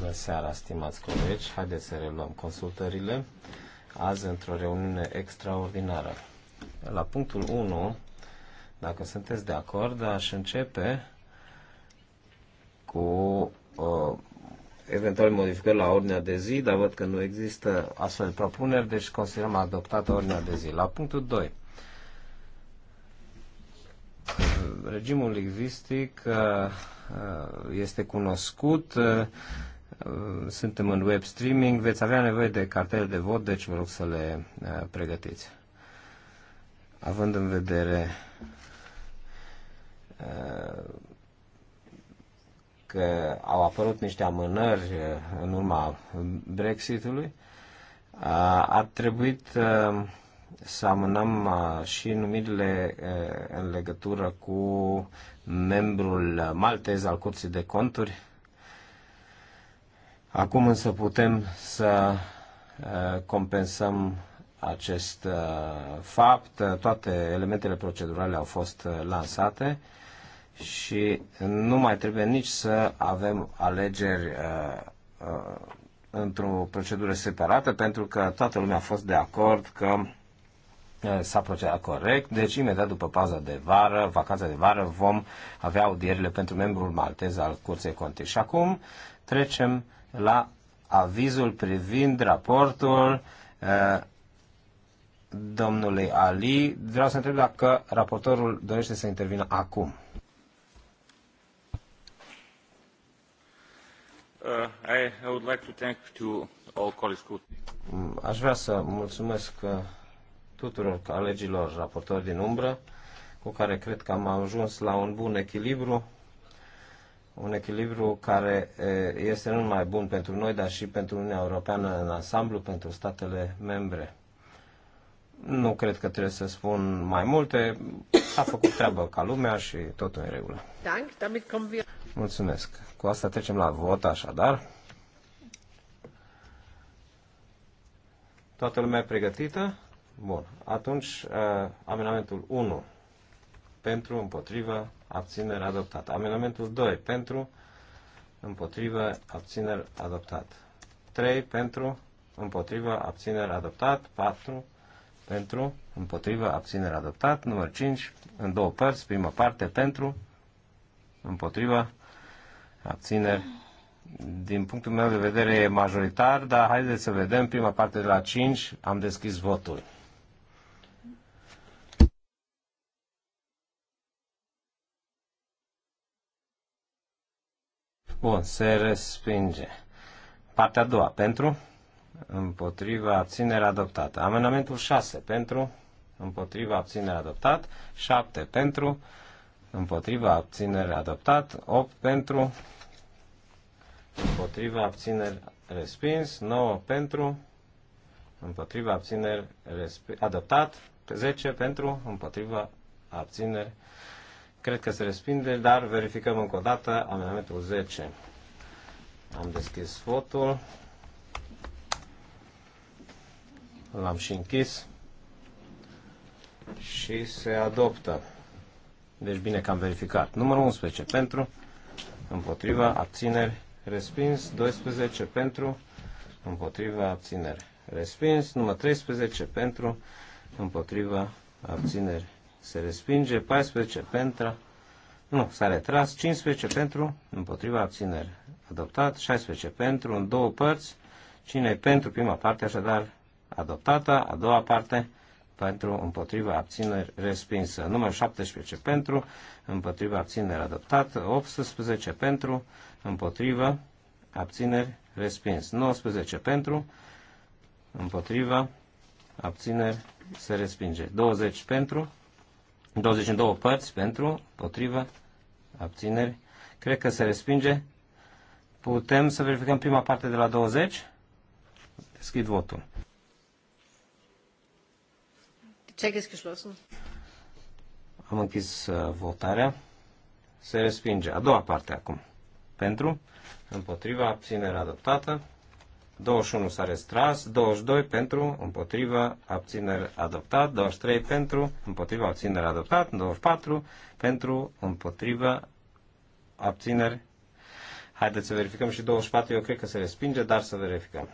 Bună seara, stimați colegi. Haideți să reluăm consultările. Azi, într-o reuniune extraordinară. La punctul 1, dacă sunteți de acord, aș începe cu uh, eventual modificări la ordinea de zi, dar văd că nu există astfel de propuneri, deci considerăm adoptată ordinea de zi. La punctul 2, regimul lingvistic uh, uh, este cunoscut, uh, suntem în web streaming, veți avea nevoie de cartele de vot, deci vă rog să le pregătiți. Având în vedere că au apărut niște amânări în urma Brexitului, a trebuit să amânăm uh, și numirile uh, în legătură cu membrul maltez al Curții de Conturi. Acum însă putem să uh, compensăm acest fapt. Toate elementele procedurale au fost lansate și nu mai trebuie nici să avem alegeri într-o procedură separată, pentru că toată lumea a fost de acord că Eh, s-a procedat corect, deci imediat după pauza de vară, vacanța de vară, vom avea audierile pentru membrul maltez al Curții Conte. Și acum trecem la avizul privind raportul uh, domnului Ali. Vreau să întreb dacă raportorul dorește să intervină acum. Uh, I, I would like to thank to all colleagues. Aș vrea să mulțumesc uh, tuturor colegilor raportori din umbră, cu care cred că am ajuns la un bun echilibru, un echilibru care este nu numai bun pentru noi, dar și pentru Uniunea Europeană în ansamblu, pentru statele membre. Nu cred că trebuie să spun mai multe. S-a făcut treabă ca lumea și totul în regulă. Mulțumesc. Cu asta trecem la vot, așadar. Toată lumea pregătită? Bun. Atunci, uh, amenamentul 1 pentru, împotrivă, abținere, adoptat. Amenamentul 2 pentru, împotrivă, abținere, adoptat. 3 pentru, împotrivă, abținere, adoptat. 4 pentru, împotrivă, abținere, adoptat. Număr 5 în două părți, prima parte pentru, împotrivă, abținere, din punctul meu de vedere e majoritar, dar haideți să vedem prima parte de la 5, am deschis votul. Bun, se respinge. Partea a doua, pentru, împotriva, abținerea adoptată. Amendamentul 6, pentru, împotriva, abținerea adoptat. 7, pentru, împotriva, abținerea adoptat. 8, pentru, împotriva, abținerea respins. 9, pentru, împotriva, abținerea adoptat. 10, pentru, împotriva, abținerea Cred că se respinde, dar verificăm încă o dată amendamentul 10. Am deschis votul. L-am și închis. Și se adoptă. Deci bine că am verificat. Numărul 11 pentru, împotriva, abțineri, respins. 12 pentru, împotriva, abțineri, respins. Numărul 13 pentru, împotriva, abțineri, se respinge, 14 pentru, nu, s-a retras, 15 pentru, împotriva abținere, adoptat, 16 pentru, în două părți, cine pentru prima parte, așadar adoptată, a doua parte pentru, împotriva abțineri respinsă, numărul 17 pentru, împotriva abțineri adoptat, 18 pentru, împotriva abțineri respins, 19 pentru, împotriva abțineri se respinge, 20 pentru, 22 părți pentru, potrivă, abțineri. Cred că se respinge. Putem să verificăm prima parte de la 20? Deschid votul. Check is geschlossen. Am închis uh, votarea. Se respinge. A doua parte acum. Pentru, împotriva, abținere adoptată. 21 s-a restras, 22 pentru, împotriva, abțineri adoptat, 23 pentru, împotriva, abțineri adoptat, 24 pentru, împotriva, abțineri. Haideți să verificăm și 24, eu cred că se respinge, dar să verificăm.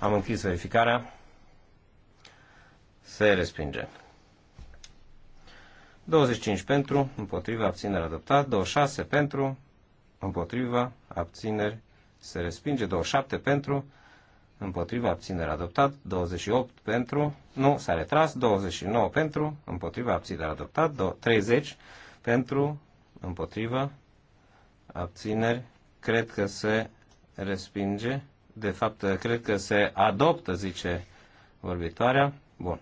Am închis verificarea. Se respinge. 25 pentru, împotriva, abținere adoptat, 26 pentru, împotriva, abțineri, se respinge, 27 pentru, împotriva, abțineri, adoptat, 28 pentru, nu, s-a retras, 29 pentru, împotriva, abțineri, adoptat, 30 pentru, împotriva, abțineri, cred că se respinge, de fapt, cred că se adoptă, zice vorbitoarea, bun,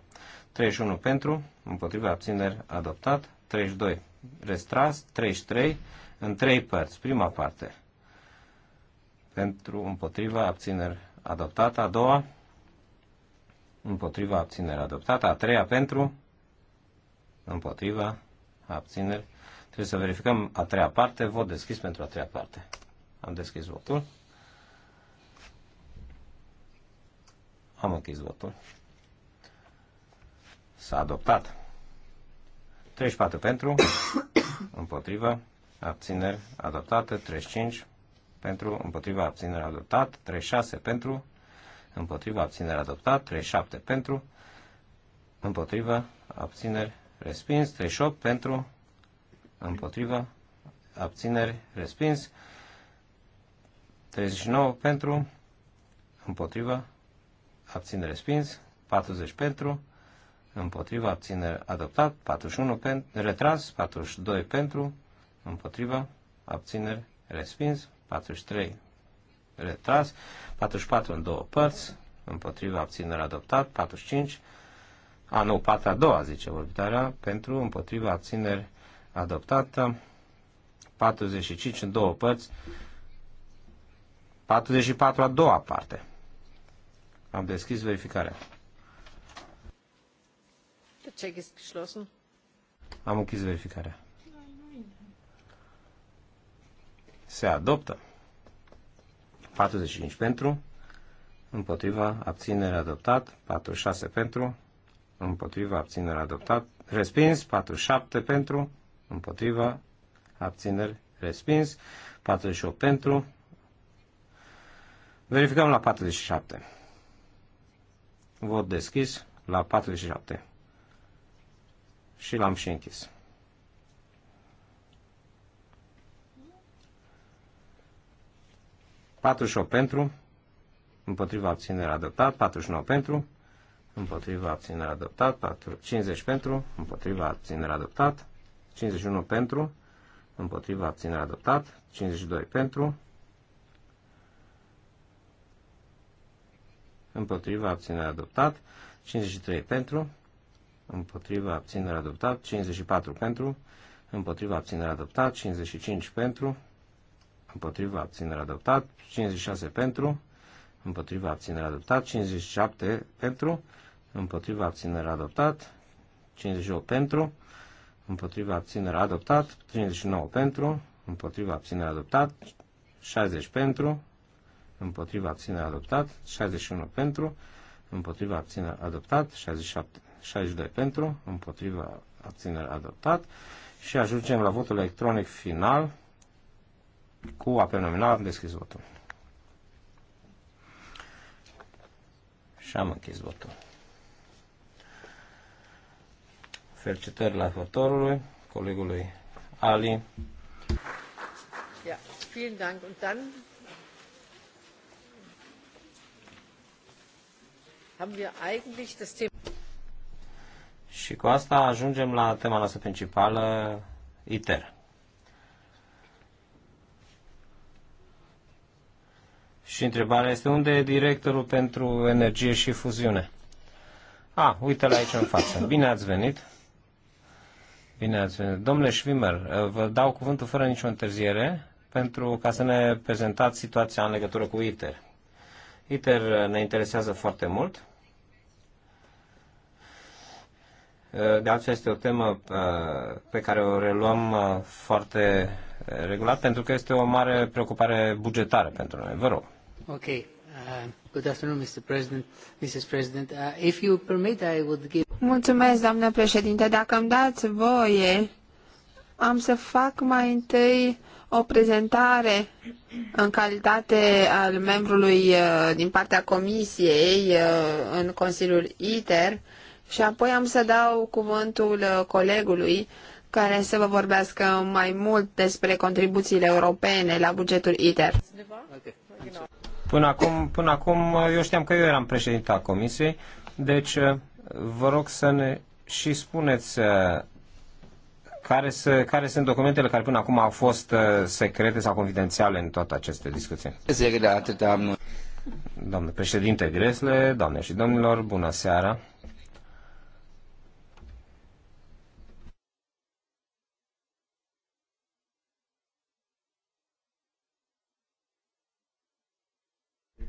31 pentru, împotriva, abțineri, adoptat, 32 restras 33 în trei părți. Prima parte, pentru împotriva abțineri adoptată, a doua, împotriva abțineri adoptată, a treia pentru împotriva abțineri. Trebuie să verificăm a treia parte, vot deschis pentru a treia parte. Am deschis votul. Am închis votul. S-a adoptat. 34 pentru, împotriva abțineri adoptată, 35 pentru, împotriva abțineri adoptat, 36 pentru, împotriva abțineri adoptat, 37 pentru, împotriva abțineri respins, 38 pentru, împotriva abțineri respins, 39 pentru, împotriva abțineri respins, 40 pentru, împotriva abțineri adoptat, 41 pentru, retras, 42 pentru, împotrivă, abțineri, respins, 43 retras, 44 în două părți, împotrivă, Abțineri. adoptat, 45, a, nu, partea a doua, zice vorbitarea, pentru, împotrivă, abțineri adoptată, 45 în două părți, 44 a doua parte. Am deschis verificarea. Am închis verificarea. se adoptă. 45 pentru, împotriva, abținere adoptat, 46 pentru, împotriva, abținere adoptat, respins, 47 pentru, împotriva, abțineri, respins, 48 pentru. Verificăm la 47. Vot deschis la 47. Și l-am și închis. 48 pentru, împotriva abținerea adoptat, 49 pentru, împotriva abținerea adoptat, 50 pentru, împotriva abținerea adoptat, 51 pentru, împotriva abținerea adoptat, 52 pentru, împotriva abținerea adoptat, 53 pentru, împotriva abținerea adoptat, 54 pentru, împotriva abținerea adoptat, 55 pentru, împotriva abținere adoptat, 56 pentru, împotriva abținere adoptat, 57 pentru, împotriva abținere adoptat, 58 pentru, împotriva abținere adoptat, 59 pentru, împotriva abținere adoptat, 60 pentru, împotriva abținere adoptat, 61 pentru, împotriva abținere adoptat, 67, 62 pentru, împotriva abținere adoptat și ajungem la votul electronic final cu apel nominal am deschis votul. Și am închis votul. Felicitări la votorului, colegului Ali. Ja, vielen Dank. Und dann haben wir eigentlich das Thema. Și cu asta ajungem la tema noastră principală, ITER. Și întrebarea este unde e directorul pentru energie și fuziune? A, ah, uite-l aici în față. Bine ați venit. Bine ați venit. Domnule Schwimmer, vă dau cuvântul fără nicio întârziere pentru ca să ne prezentați situația în legătură cu ITER. ITER ne interesează foarte mult. De altfel este o temă uh, pe care o reluăm uh, foarte regulat pentru că este o mare preocupare bugetară pentru noi. Vă rog. Uh, uh, Mulțumesc, doamnă președinte. Dacă îmi dați voie, am să fac mai întâi o prezentare în calitate al membrului uh, din partea comisiei în Consiliul ITER și apoi am să dau cuvântul colegului care să vă vorbească mai mult despre contribuțiile europene la bugetul ITER. Okay. Până acum, până acum eu știam că eu eram președinta comisiei, deci uh, vă rog să ne și spuneți uh, care, să, care sunt documentele care până acum au fost uh, secrete sau confidențiale în toate aceste discuții. domnule președinte Gresle, doamne și domnilor, bună seara!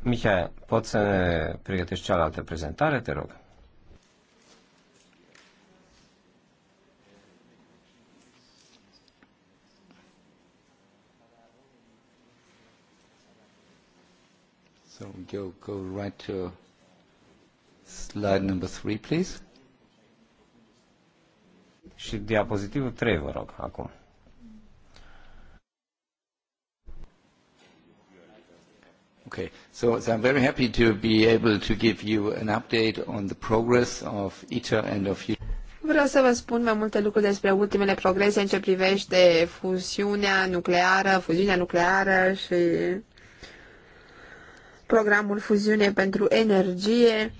Mihai, poți să ne pregătești cealaltă prezentare, te rog? So go, go right to slide number three, please. Și diapozitivul 3, vă rog, acum. Okay. So, I'm very happy to be able to give you an update on the progress of ITER and of Vreau să vă spun mai multe lucruri despre ultimele progrese în ce privește fuziunea nucleară, fuziunea nucleară și programul fuziune pentru energie.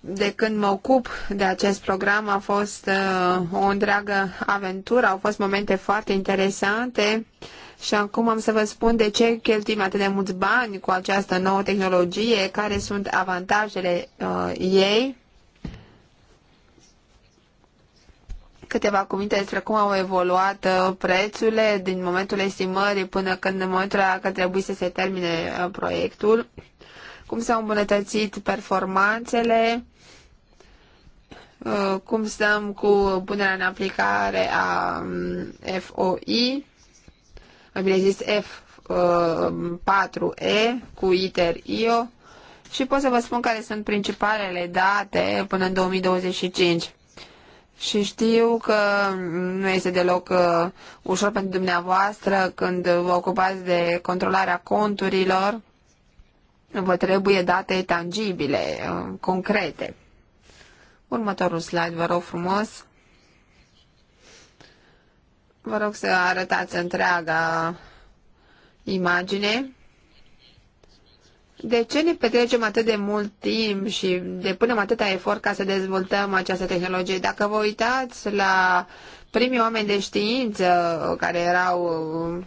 De când mă ocup de acest program a fost uh, o întreagă aventură, au fost momente foarte interesante. Uh, și acum am să vă spun de ce cheltuim atât de mulți bani cu această nouă tehnologie, care sunt avantajele uh, ei. Câteva cuvinte despre cum au evoluat uh, prețurile din momentul estimării până când în momentul la că trebuie să se termine uh, proiectul, cum s-au îmbunătățit performanțele, uh, cum stăm cu punerea în aplicare a um, FOI, mai bine zis F4E cu ITER-IO și pot să vă spun care sunt principalele date până în 2025. Și știu că nu este deloc uh, ușor pentru dumneavoastră când vă ocupați de controlarea conturilor. Vă trebuie date tangibile, uh, concrete. Următorul slide, vă rog frumos. Vă rog să arătați întreaga imagine. De ce ne petrecem atât de mult timp și depunem atâta efort ca să dezvoltăm această tehnologie? Dacă vă uitați la primii oameni de știință care erau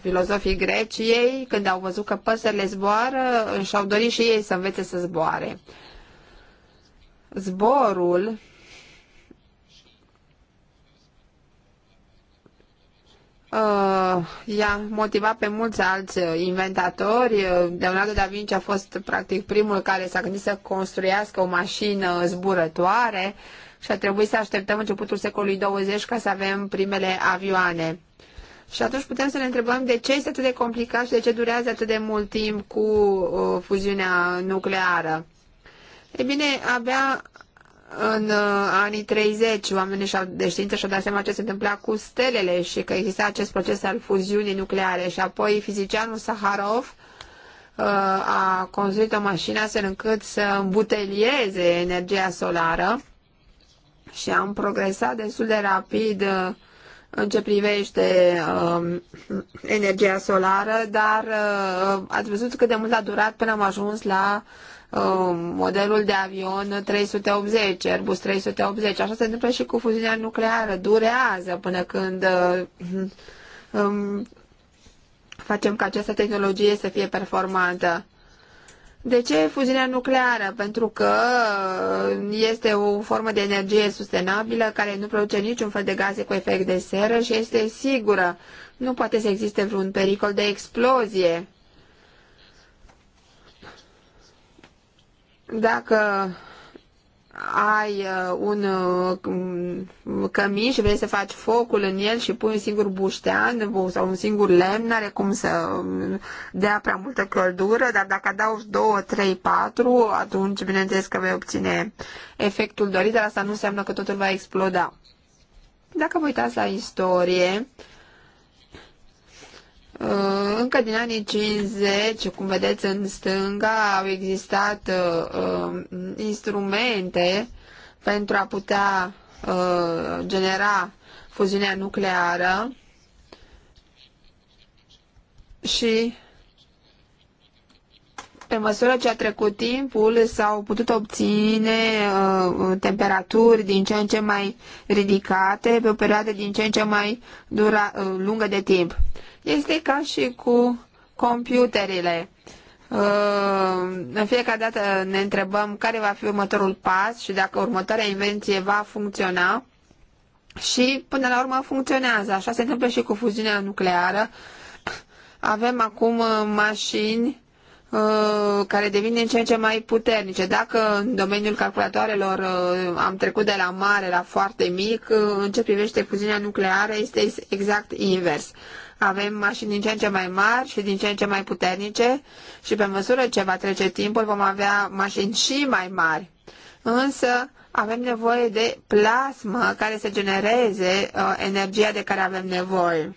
filozofii greci, ei când au văzut că păsările zboară și-au dorit și ei să învețe să zboare. Zborul Uh, i-a motivat pe mulți alți uh, inventatori. Uh, Leonardo da Vinci a fost practic primul care s-a gândit să construiască o mașină zburătoare și a trebuit să așteptăm începutul secolului 20 ca să avem primele avioane. Și atunci putem să ne întrebăm de ce este atât de complicat și de ce durează atât de mult timp cu uh, fuziunea nucleară. Ei bine, abia în uh, anii 30 oamenii și-au, de știință și-au dat seama ce se întâmpla cu stelele și că exista acest proces al fuziunii nucleare și apoi fizicianul Saharov uh, a construit o mașină astfel încât să îmbutelieze energia solară și am progresat destul de rapid uh, în ce privește uh, energia solară, dar uh, ați văzut cât de mult a durat până am ajuns la uh, Um, modelul de avion 380, Airbus 380. Așa se întâmplă și cu fuziunea nucleară. Durează până când uh, um, facem ca această tehnologie să fie performantă. De ce fuziunea nucleară? Pentru că uh, este o formă de energie sustenabilă care nu produce niciun fel de gaze cu efect de seră și este sigură. Nu poate să existe vreun pericol de explozie dacă ai uh, un uh, cămin și vrei să faci focul în el și pui un singur buștean sau un singur lemn, are cum să um, dea prea multă căldură, dar dacă adaugi 2, 3, 4, atunci bineînțeles că vei obține efectul dorit, dar asta nu înseamnă că totul va exploda. Dacă vă uitați la istorie, uh, Uh, încă din anii 50, cum vedeți în stânga, au existat uh, um, instrumente pentru a putea uh, genera fuziunea nucleară și pe măsură ce a trecut timpul, s-au putut obține uh, temperaturi din ce în ce mai ridicate, pe o perioadă din ce în ce mai dura, uh, lungă de timp. Este ca și cu computerele. Uh, în fiecare dată ne întrebăm care va fi următorul pas și dacă următoarea invenție va funcționa. Și până la urmă funcționează. Așa se întâmplă și cu fuziunea nucleară. Avem acum uh, mașini Uh, care devin din ce în ce mai puternice. Dacă în domeniul calculatoarelor uh, am trecut de la mare la foarte mic, uh, în ce privește fuziunea nucleară este exact invers. Avem mașini din ce în ce mai mari și din ce în ce mai puternice și pe măsură ce va trece timpul vom avea mașini și mai mari. Însă avem nevoie de plasmă care să genereze energia de care avem nevoie.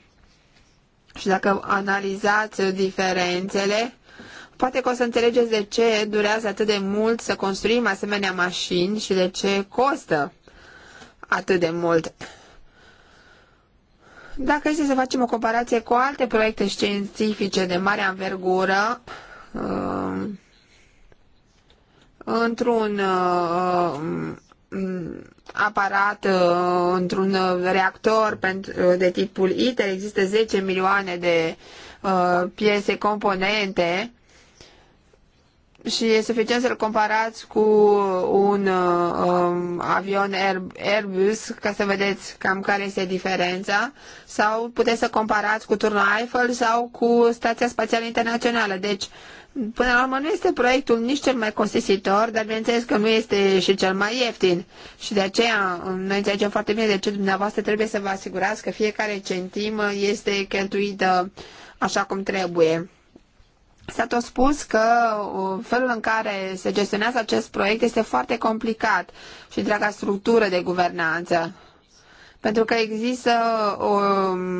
Și dacă analizați diferențele, Poate că o să înțelegeți de ce durează atât de mult să construim asemenea mașini și de ce costă atât de mult. Dacă este să facem o comparație cu alte proiecte științifice de mare anvergură, um, într-un uh, aparat, uh, într-un reactor de tipul ITER există 10 milioane de uh, piese, componente, și e suficient să-l comparați cu un um, avion Airbus ca să vedeți cam care este diferența sau puteți să comparați cu turnul Eiffel sau cu Stația Spațială Internațională. Deci, până la urmă, nu este proiectul nici cel mai costisitor, dar bineînțeles că nu este și cel mai ieftin. Și de aceea, um, noi înțelegem foarte bine de ce dumneavoastră trebuie să vă asigurați că fiecare centimă este cheltuită așa cum trebuie. S-a tot spus că uh, felul în care se gestionează acest proiect este foarte complicat și întreaga structură de guvernanță. Pentru că există um,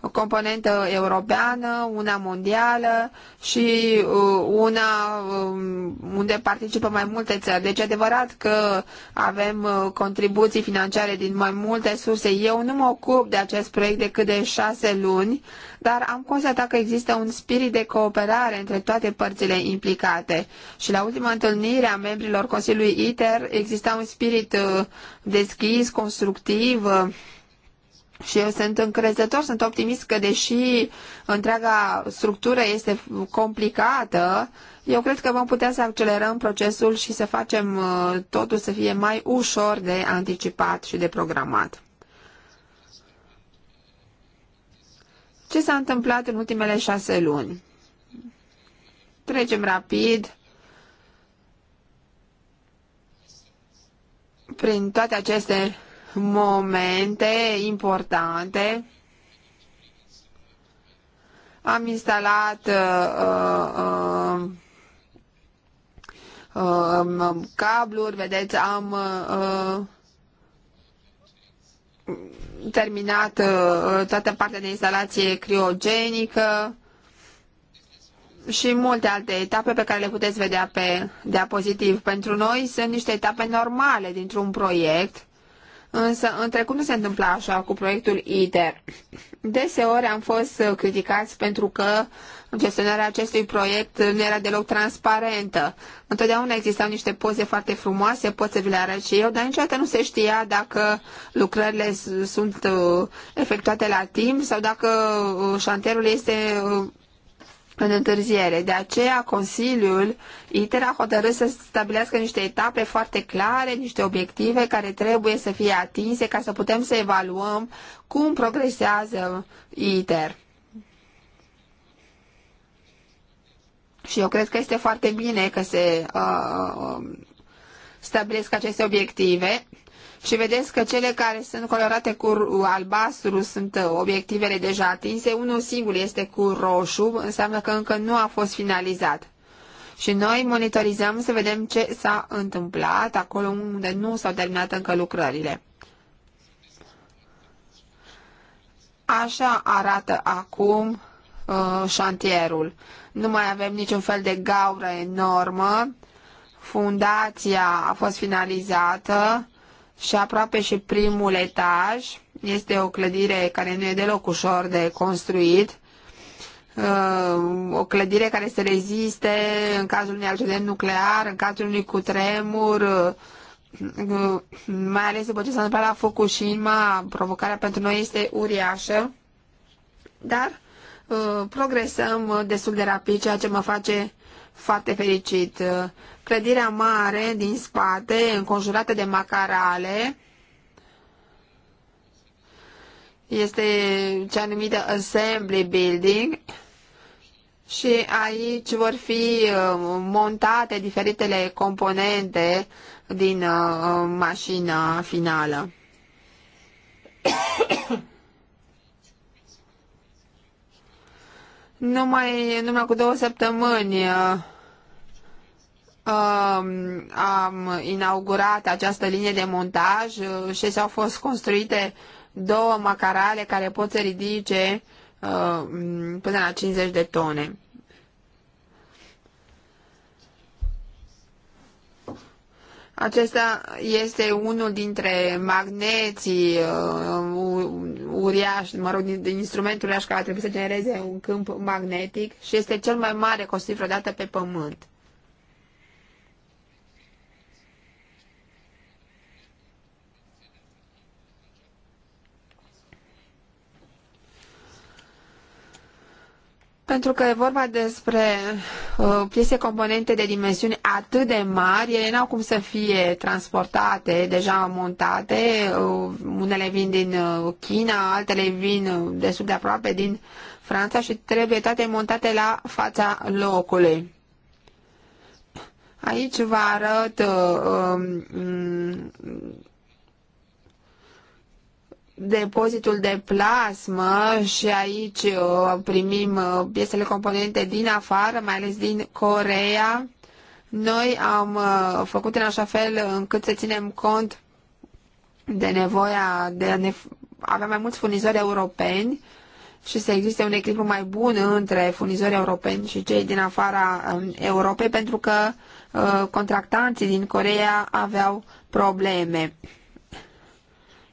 o componentă europeană, una mondială și uh, una um, unde participă mai multe țări. Deci e adevărat că avem uh, contribuții financiare din mai multe surse. Eu nu mă ocup de acest proiect decât de șase luni, dar am constatat că există un spirit de cooperare între toate părțile implicate. Și la ultima întâlnire a membrilor Consiliului ITER exista un spirit uh, deschis, constructiv, și eu sunt încrezător, sunt optimist că deși întreaga structură este complicată, eu cred că vom putea să accelerăm procesul și să facem uh, totul să fie mai ușor de anticipat și de programat. Ce s-a întâmplat în ultimele șase luni? Trecem rapid prin toate aceste momente importante. Am instalat uh, uh, um, uh, um, cabluri, vedeți, am uh, uh, terminat uh, toată partea de instalație criogenică și multe alte etape pe care le puteți vedea pe diapozitiv. Pentru noi sunt niște etape normale dintr-un proiect Însă, în trecut nu se întâmpla așa cu proiectul ITER. Deseori am fost criticați pentru că gestionarea acestui proiect nu era deloc transparentă. Întotdeauna existau niște poze foarte frumoase, pot să vi le arăt și eu, dar niciodată nu se știa dacă lucrările sunt uh, efectuate la timp sau dacă uh, șanterul este uh, în întârziere. De aceea, Consiliul ITER a hotărât să stabilească niște etape foarte clare, niște obiective care trebuie să fie atinse ca să putem să evaluăm cum progresează ITER. Și eu cred că este foarte bine că se uh, uh stabilesc aceste obiective și vedeți că cele care sunt colorate cu albastru sunt uh, obiectivele deja atinse, unul singur este cu roșu, înseamnă că încă nu a fost finalizat. Și noi monitorizăm să vedem ce s-a întâmplat acolo unde nu s-au terminat încă lucrările. Așa arată acum uh, șantierul. Nu mai avem niciun fel de gaură enormă. Fundația a fost finalizată și aproape și primul etaj. Este o clădire care nu e deloc ușor de construit, uh, o clădire care se reziste în cazul unui accident nuclear, în cazul unui cutremur, uh, mai ales după ce s-a întâmplat la Fukushima, provocarea pentru noi este uriașă, dar uh, progresăm destul de rapid, ceea ce mă face foarte fericit. Clădirea mare din spate, înconjurată de macarale, este cea numită Assembly Building și aici vor fi uh, montate diferitele componente din uh, mașina finală. Numai, numai cu două săptămâni uh, um, am inaugurat această linie de montaj uh, și s-au fost construite două macarale care pot să ridice uh, până la 50 de tone. Acesta este unul dintre magneții uh, uriași, mă rog, din, din instrumentul uriaș care trebuie să genereze un câmp magnetic și este cel mai mare construit vreodată pe Pământ. Pentru că e vorba despre uh, piese componente de dimensiuni atât de mari, ele n-au cum să fie transportate, deja montate, uh, unele vin din uh, China, altele vin uh, de sub de aproape din Franța și trebuie toate montate la fața locului. Aici vă arăt uh, um, depozitul de plasmă și aici uh, primim uh, piesele componente din afară, mai ales din Corea. Noi am uh, făcut în așa fel încât să ținem cont de nevoia de a ne avea mai mulți furnizori europeni și să existe un echilibru mai bun între furnizorii europeni și cei din afara um, Europei, pentru că contractanții din Corea aveau probleme.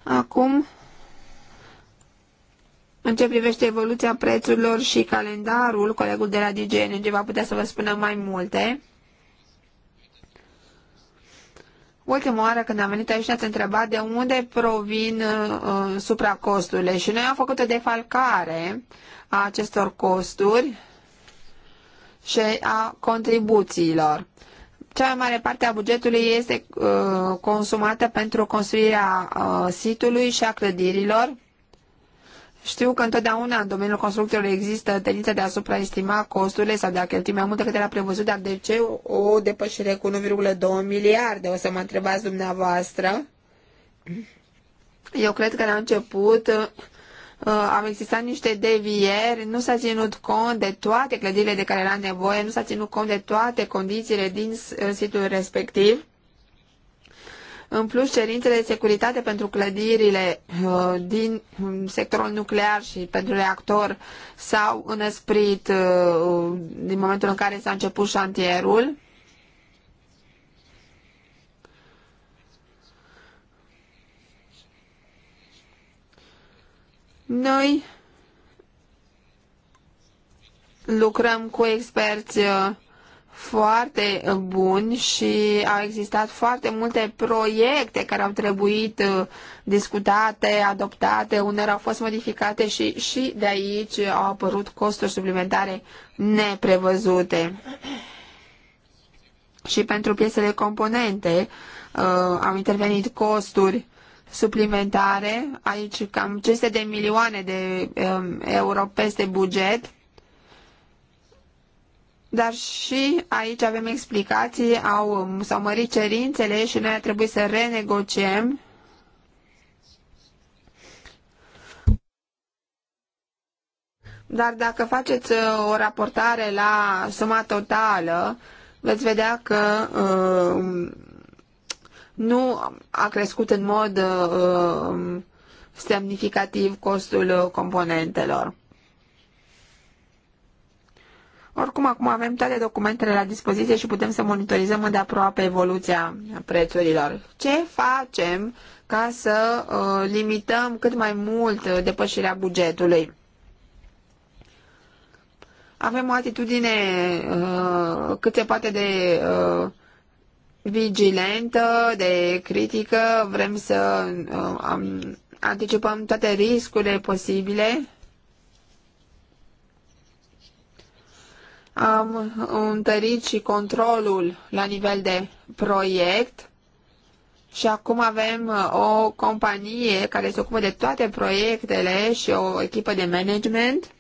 Acum în ce privește evoluția prețurilor și calendarul, colegul de la DGNG va putea să vă spună mai multe. Ultima oară când am venit aici ne-ați întrebat de unde provin uh, supracosturile și noi am făcut o defalcare a acestor costuri și a contribuțiilor. Cea mai mare parte a bugetului este uh, consumată pentru construirea uh, sitului și a clădirilor, știu că întotdeauna în domeniul construcțiilor există tendința de a supraestima costurile sau de a cheltui mai mult decât era prevăzut, dar de ce o depășire cu 1,2 miliarde? O să mă întrebați dumneavoastră. Eu cred că la început uh, au existat niște devieri, nu s-a ținut cont de toate clădirile de care era nevoie, nu s-a ținut cont de toate condițiile din situl respectiv în plus, cerințele de securitate pentru clădirile uh, din um, sectorul nuclear și pentru reactor s-au înăsprit uh, din momentul în care s-a început șantierul. Noi lucrăm cu experți uh, foarte bun și au existat foarte multe proiecte care au trebuit uh, discutate, adoptate, unele au fost modificate și, și de aici au apărut costuri suplimentare neprevăzute. Și pentru piesele componente uh, au intervenit costuri suplimentare, aici cam 500 de milioane de um, euro peste buget, dar și aici avem explicații, au, s-au mărit cerințele și noi a trebuit să renegociem Dar dacă faceți uh, o raportare la suma totală, veți vedea că uh, nu a crescut în mod uh, semnificativ costul uh, componentelor. Oricum, acum avem toate documentele la dispoziție și putem să monitorizăm de aproape evoluția prețurilor. Ce facem ca să uh, limităm cât mai mult uh, depășirea bugetului? Avem o atitudine uh, cât se poate de uh, vigilentă, de critică, vrem să uh, anticipăm toate riscurile posibile Am întărit și controlul la nivel de proiect și acum avem uh, o companie care se ocupă de toate proiectele și o echipă de management.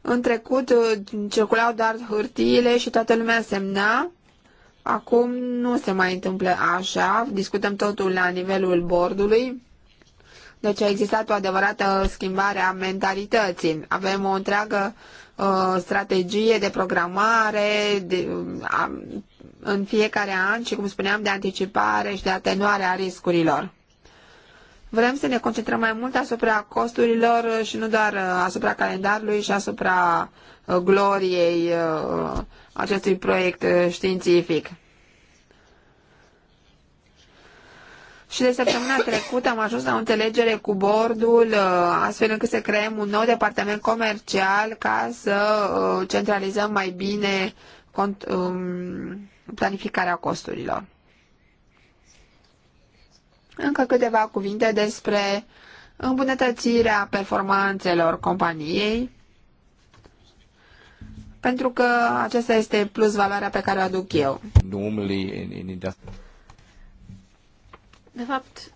În trecut uh, circulau doar hârtiile și toată lumea semna. Acum nu se mai întâmplă așa, discutăm totul la nivelul bordului. Deci a existat o adevărată schimbare a mentalității. Avem o întreagă uh, strategie de programare de, uh, a, în fiecare an și, cum spuneam, de anticipare și de atenuare a riscurilor. Vrem să ne concentrăm mai mult asupra costurilor și nu doar uh, asupra calendarului și asupra uh, gloriei acestui proiect științific. și de săptămâna trecută am ajuns la o înțelegere cu bordul uh, astfel încât să creăm un nou departament comercial ca să uh, centralizăm mai bine um, planificarea costurilor. Încă câteva cuvinte despre îmbunătățirea performanțelor companiei, pentru că aceasta este plus valoarea pe care o aduc eu. De fapt,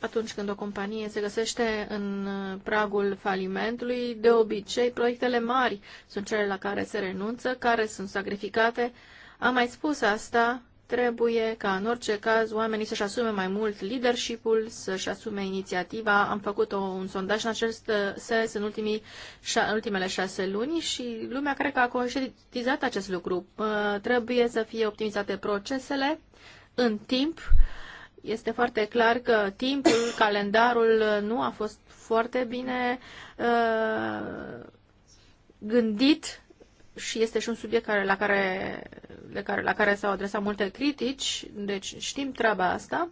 atunci când o companie se găsește în pragul falimentului, de obicei proiectele mari sunt cele la care se renunță, care sunt sacrificate. Am mai spus asta, trebuie ca în orice caz oamenii să-și asume mai mult leadership-ul, să-și asume inițiativa. Am făcut o, un sondaj în acest uh, sens în ultimii, în ultimele șase luni și lumea cred că a conștientizat acest lucru. Uh, trebuie să fie optimizate procesele în timp este foarte clar că timpul, calendarul uh, nu a fost foarte bine uh, gândit și este și un subiect care, la care, de care, la care s-au adresat multe critici, deci știm treaba asta.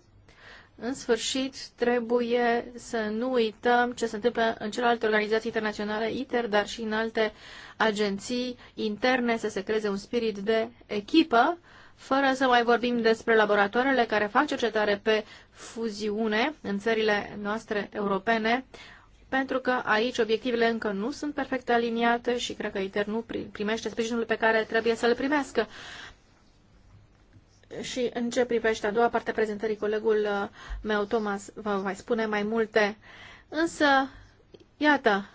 În sfârșit, trebuie să nu uităm ce se întâmplă în celelalte organizații internaționale, ITER, dar și în alte agenții interne, să se creeze un spirit de echipă fără să mai vorbim despre laboratoarele care fac cercetare pe fuziune în țările noastre europene, pentru că aici obiectivele încă nu sunt perfect aliniate și cred că ITER nu primește sprijinul pe care trebuie să-l primească. Și în ce privește a doua parte a prezentării, colegul uh, meu, Thomas, vă va spune mai multe. Însă, iată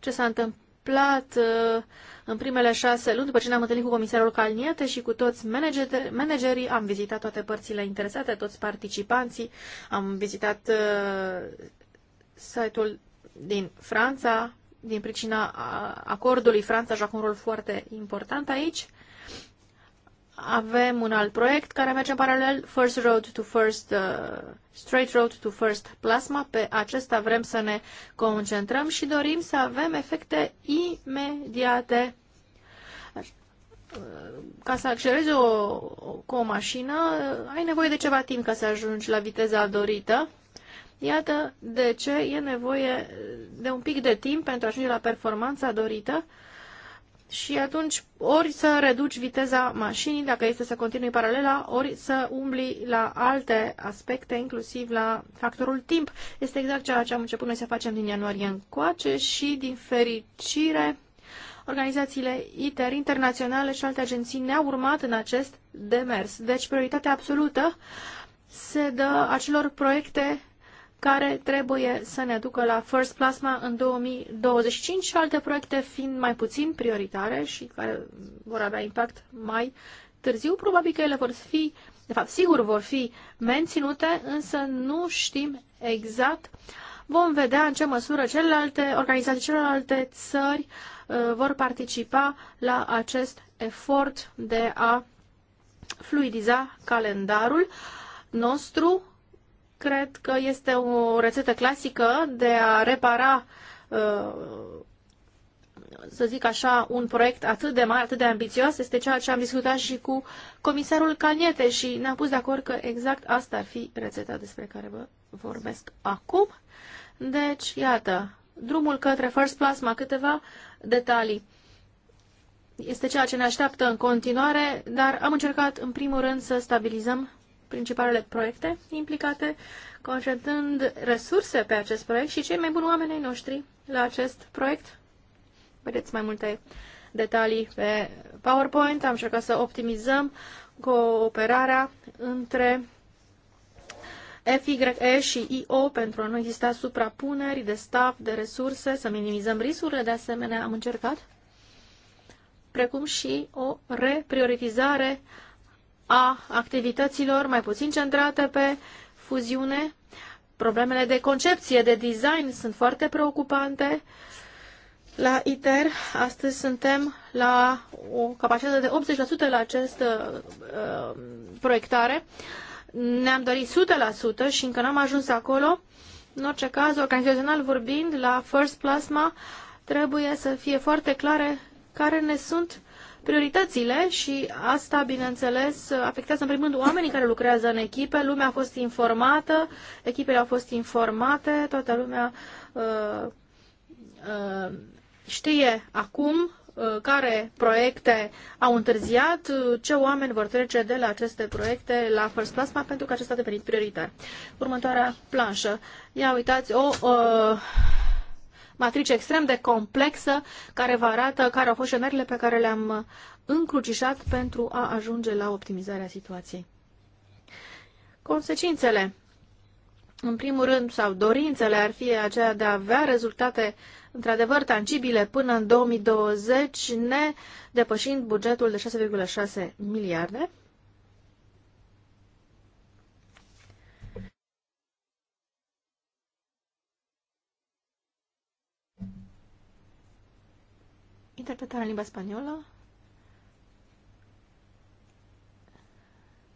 ce s-a întâmplat întâmplat uh, în primele șase luni, după ce ne-am întâlnit cu comisarul Calniete și cu toți managerii, am vizitat toate părțile interesate, toți participanții, am vizitat uh, site-ul din Franța, din pricina acordului Franța joacă un rol foarte important aici avem un alt proiect care merge în paralel, First Road to First, uh, Straight Road to First Plasma. Pe acesta vrem să ne concentrăm și dorim să avem efecte imediate. Uh, ca să accelerezi o, cu o mașină, uh, ai nevoie de ceva timp ca să ajungi la viteza dorită. Iată de ce e nevoie de un pic de timp pentru a ajunge la performanța dorită. Uh, și atunci ori să reduci viteza mașinii, dacă este să continui paralela, ori să umbli la alte aspecte, inclusiv la factorul timp. Este exact ceea ce am început noi să facem din ianuarie încoace și, din fericire, organizațiile ITER internaționale și alte agenții ne-au urmat în acest demers. Deci, prioritatea absolută se dă acelor proiecte care trebuie să ne ducă la First Plasma în 2025 și alte proiecte fiind mai puțin prioritare și care vor avea impact mai târziu, probabil că ele vor fi, de fapt sigur vor fi menținute, însă nu știm exact. Vom vedea în ce măsură celelalte organizații, celelalte țări uh, vor participa la acest efort de a fluidiza calendarul nostru Cred că este o rețetă clasică de a repara, uh, să zic așa, un proiect atât de mare, atât de ambițios. Este ceea ce am discutat și cu comisarul Caniete și ne-am pus de acord că exact asta ar fi rețeta despre care vă vorbesc acum. Deci, iată, drumul către First Plasma, câteva detalii. Este ceea ce ne așteaptă în continuare, dar am încercat în primul rând să stabilizăm principalele proiecte implicate, concentrând resurse pe acest proiect și cei mai buni oameni ai noștri la acest proiect. Vedeți mai multe detalii pe PowerPoint. Am încercat să optimizăm cooperarea între FYE și IO pentru a nu exista suprapuneri de staff, de resurse, să minimizăm riscurile de asemenea am încercat, precum și o reprioritizare a activităților mai puțin centrate pe fuziune. Problemele de concepție, de design sunt foarte preocupante. La ITER, astăzi suntem la o capacitate de 80% la această uh, proiectare. Ne-am dorit 100% și încă n-am ajuns acolo. În orice caz, organizațional vorbind, la First Plasma trebuie să fie foarte clare care ne sunt prioritățile și asta, bineînțeles, afectează în primul rând oamenii care lucrează în echipe. Lumea a fost informată, echipele au fost informate, toată lumea uh, uh, știe acum uh, care proiecte au întârziat, uh, ce oameni vor trece de la aceste proiecte la First Plasma, pentru că acesta a devenit prioritar. Următoarea planșă. Ia uitați, o uh, matrice extrem de complexă care vă arată care au fost scenariile pe care le-am încrucișat pentru a ajunge la optimizarea situației. Consecințele. În primul rând, sau dorințele ar fi aceea de a avea rezultate într-adevăr tangibile până în 2020, ne depășind bugetul de 6,6 miliarde interpretarea în limba spaniolă.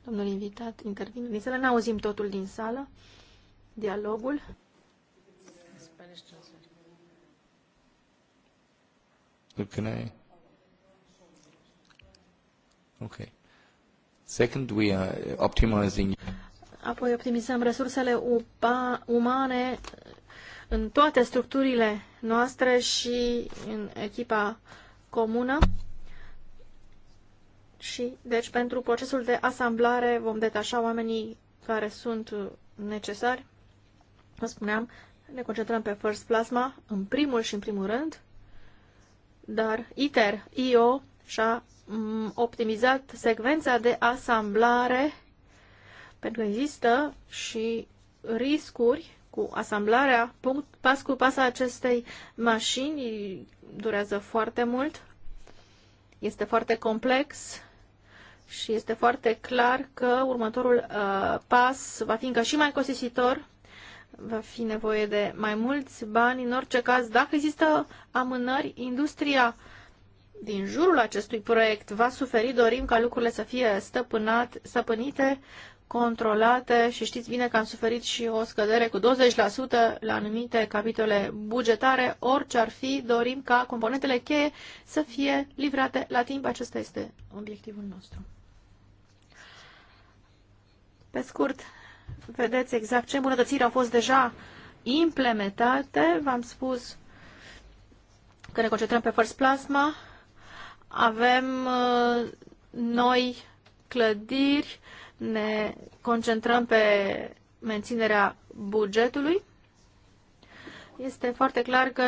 Domnul invitat intervine din sală. N-auzim totul din sală. Dialogul. can I? Okay. Second, we are optimizing. Apoi optimizăm resursele umane în toate structurile noastre și în echipa comună. Și, deci, pentru procesul de asamblare vom detașa oamenii care sunt necesari. Vă spuneam, ne concentrăm pe First Plasma în primul și în primul rând, dar ITER, IO, și-a mm, optimizat secvența de asamblare pentru că există și riscuri cu asamblarea punct, pas cu pas a acestei mașini durează foarte mult, este foarte complex și este foarte clar că următorul uh, pas va fi încă și mai costisitor, va fi nevoie de mai mulți bani. În orice caz, dacă există amânări, industria din jurul acestui proiect va suferi, dorim ca lucrurile să fie stăpânat, stăpânite controlate și știți bine că am suferit și o scădere cu 20% la anumite capitole bugetare. Orice ar fi, dorim ca componentele cheie să fie livrate la timp. Acesta este obiectivul nostru. Pe scurt, vedeți exact ce îmbunătățiri au fost deja implementate. V-am spus că ne concentrăm pe First Plasma. Avem uh, noi clădiri, ne concentrăm pe menținerea bugetului. Este foarte clar că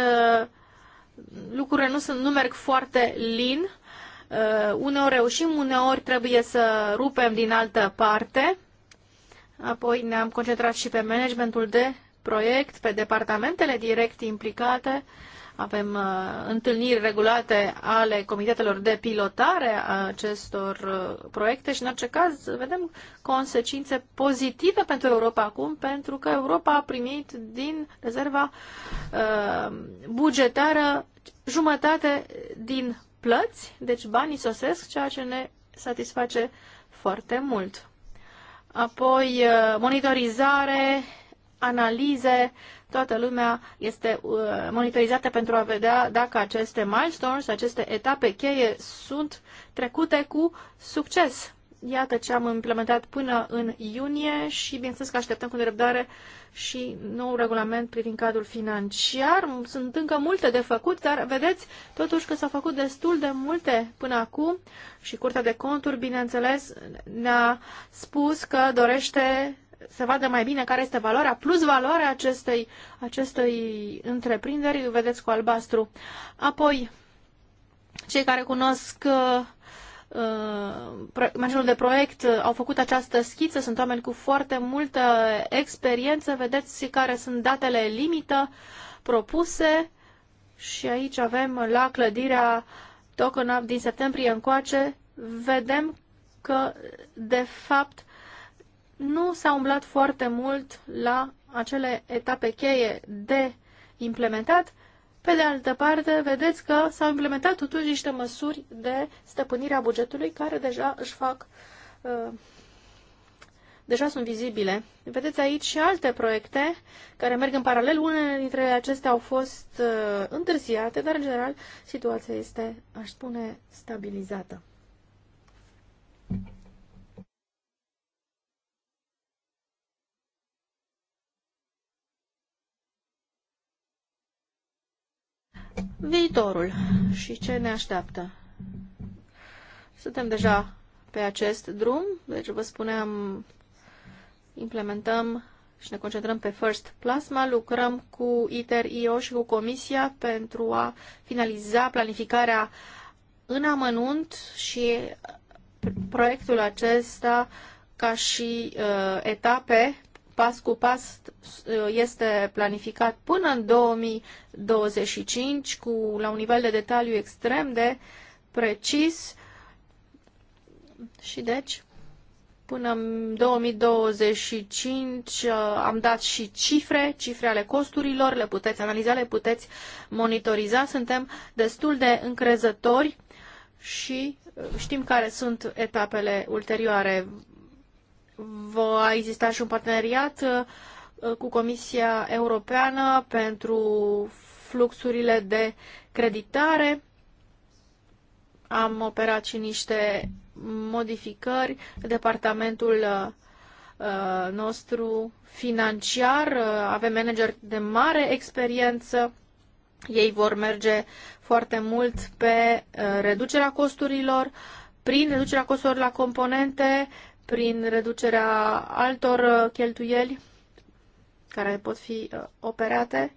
lucrurile nu, sunt, nu merg foarte lin. Uh, uneori reușim, uneori trebuie să rupem din altă parte. Apoi ne-am concentrat și pe managementul de proiect, pe departamentele direct implicate. Uh, avem uh, întâlniri regulate ale comitetelor de pilotare a acestor uh, proiecte și, în orice caz, vedem consecințe pozitive pentru Europa acum, pentru că Europa a primit din rezerva uh, bugetară jumătate din plăți, deci banii sosesc, ceea ce ne satisface foarte mult. Apoi, uh, monitorizare analize, toată lumea este uh, monitorizată pentru a vedea dacă aceste milestones, aceste etape cheie sunt trecute cu succes. Iată ce am implementat până în iunie și, bineînțeles, că așteptăm cu nerăbdare și nou regulament privind cadrul financiar. Sunt încă multe de făcut, dar vedeți totuși că s-au făcut destul de multe până acum și Curtea de Conturi, bineînțeles, ne-a spus că dorește să vadă mai bine care este valoarea, plus valoarea acestei, acestei întreprinderi, vedeți cu albastru. Apoi, cei care cunosc uh, uh de proiect uh, au făcut această schiță, sunt oameni cu foarte multă experiență, vedeți care sunt datele limită propuse și aici avem la clădirea Token Up din septembrie încoace, vedem că de fapt nu s-a umblat foarte mult la acele etape cheie de implementat. Pe de altă parte, vedeți că s-au implementat totuși niște măsuri de stăpânire a bugetului care deja își fac uh, deja sunt vizibile. Vedeți aici și alte proiecte care merg în paralel. Unele dintre acestea au fost uh, întârziate, dar în general situația este, aș spune, stabilizată. viitorul și ce ne așteaptă. Suntem deja pe acest drum, deci vă spuneam, implementăm și ne concentrăm pe First Plasma, lucrăm cu ITER-IO și cu Comisia pentru a finaliza planificarea în amănunt și proiectul acesta ca și uh, etape pas cu pas uh, este planificat până în 2025 cu, la un nivel de detaliu extrem de precis și deci până în 2025 uh, am dat și cifre, cifre ale costurilor, le puteți analiza, le puteți monitoriza. Suntem destul de încrezători și uh, știm care sunt etapele ulterioare va exista și un parteneriat uh, cu Comisia Europeană pentru fluxurile de creditare. Am operat și niște modificări. Departamentul uh, uh, nostru financiar avem manageri de mare experiență. Ei vor merge foarte mult pe reducerea costurilor, prin reducerea costurilor la componente, prin reducerea altor uh, cheltuieli care pot fi uh, operate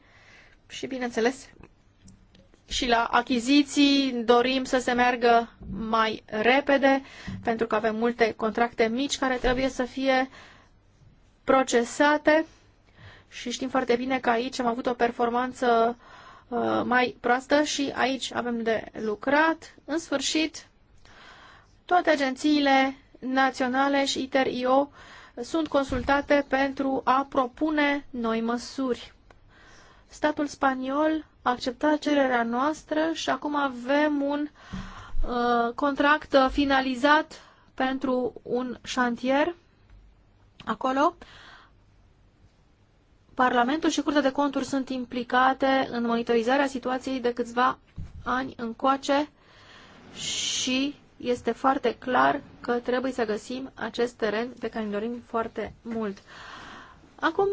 și, bineînțeles, și la achiziții dorim să se meargă mai repede pentru că avem multe contracte mici care trebuie să fie procesate și știm foarte bine că aici am avut o performanță uh, mai proastă și aici avem de lucrat. În sfârșit, toate agențiile naționale și ITER-IO sunt consultate pentru a propune noi măsuri. Statul spaniol a acceptat cererea noastră și acum avem un uh, contract finalizat pentru un șantier acolo. Parlamentul și Curtea de Conturi sunt implicate în monitorizarea situației de câțiva ani încoace și este foarte clar că trebuie să găsim acest teren pe care îl dorim foarte mult. Acum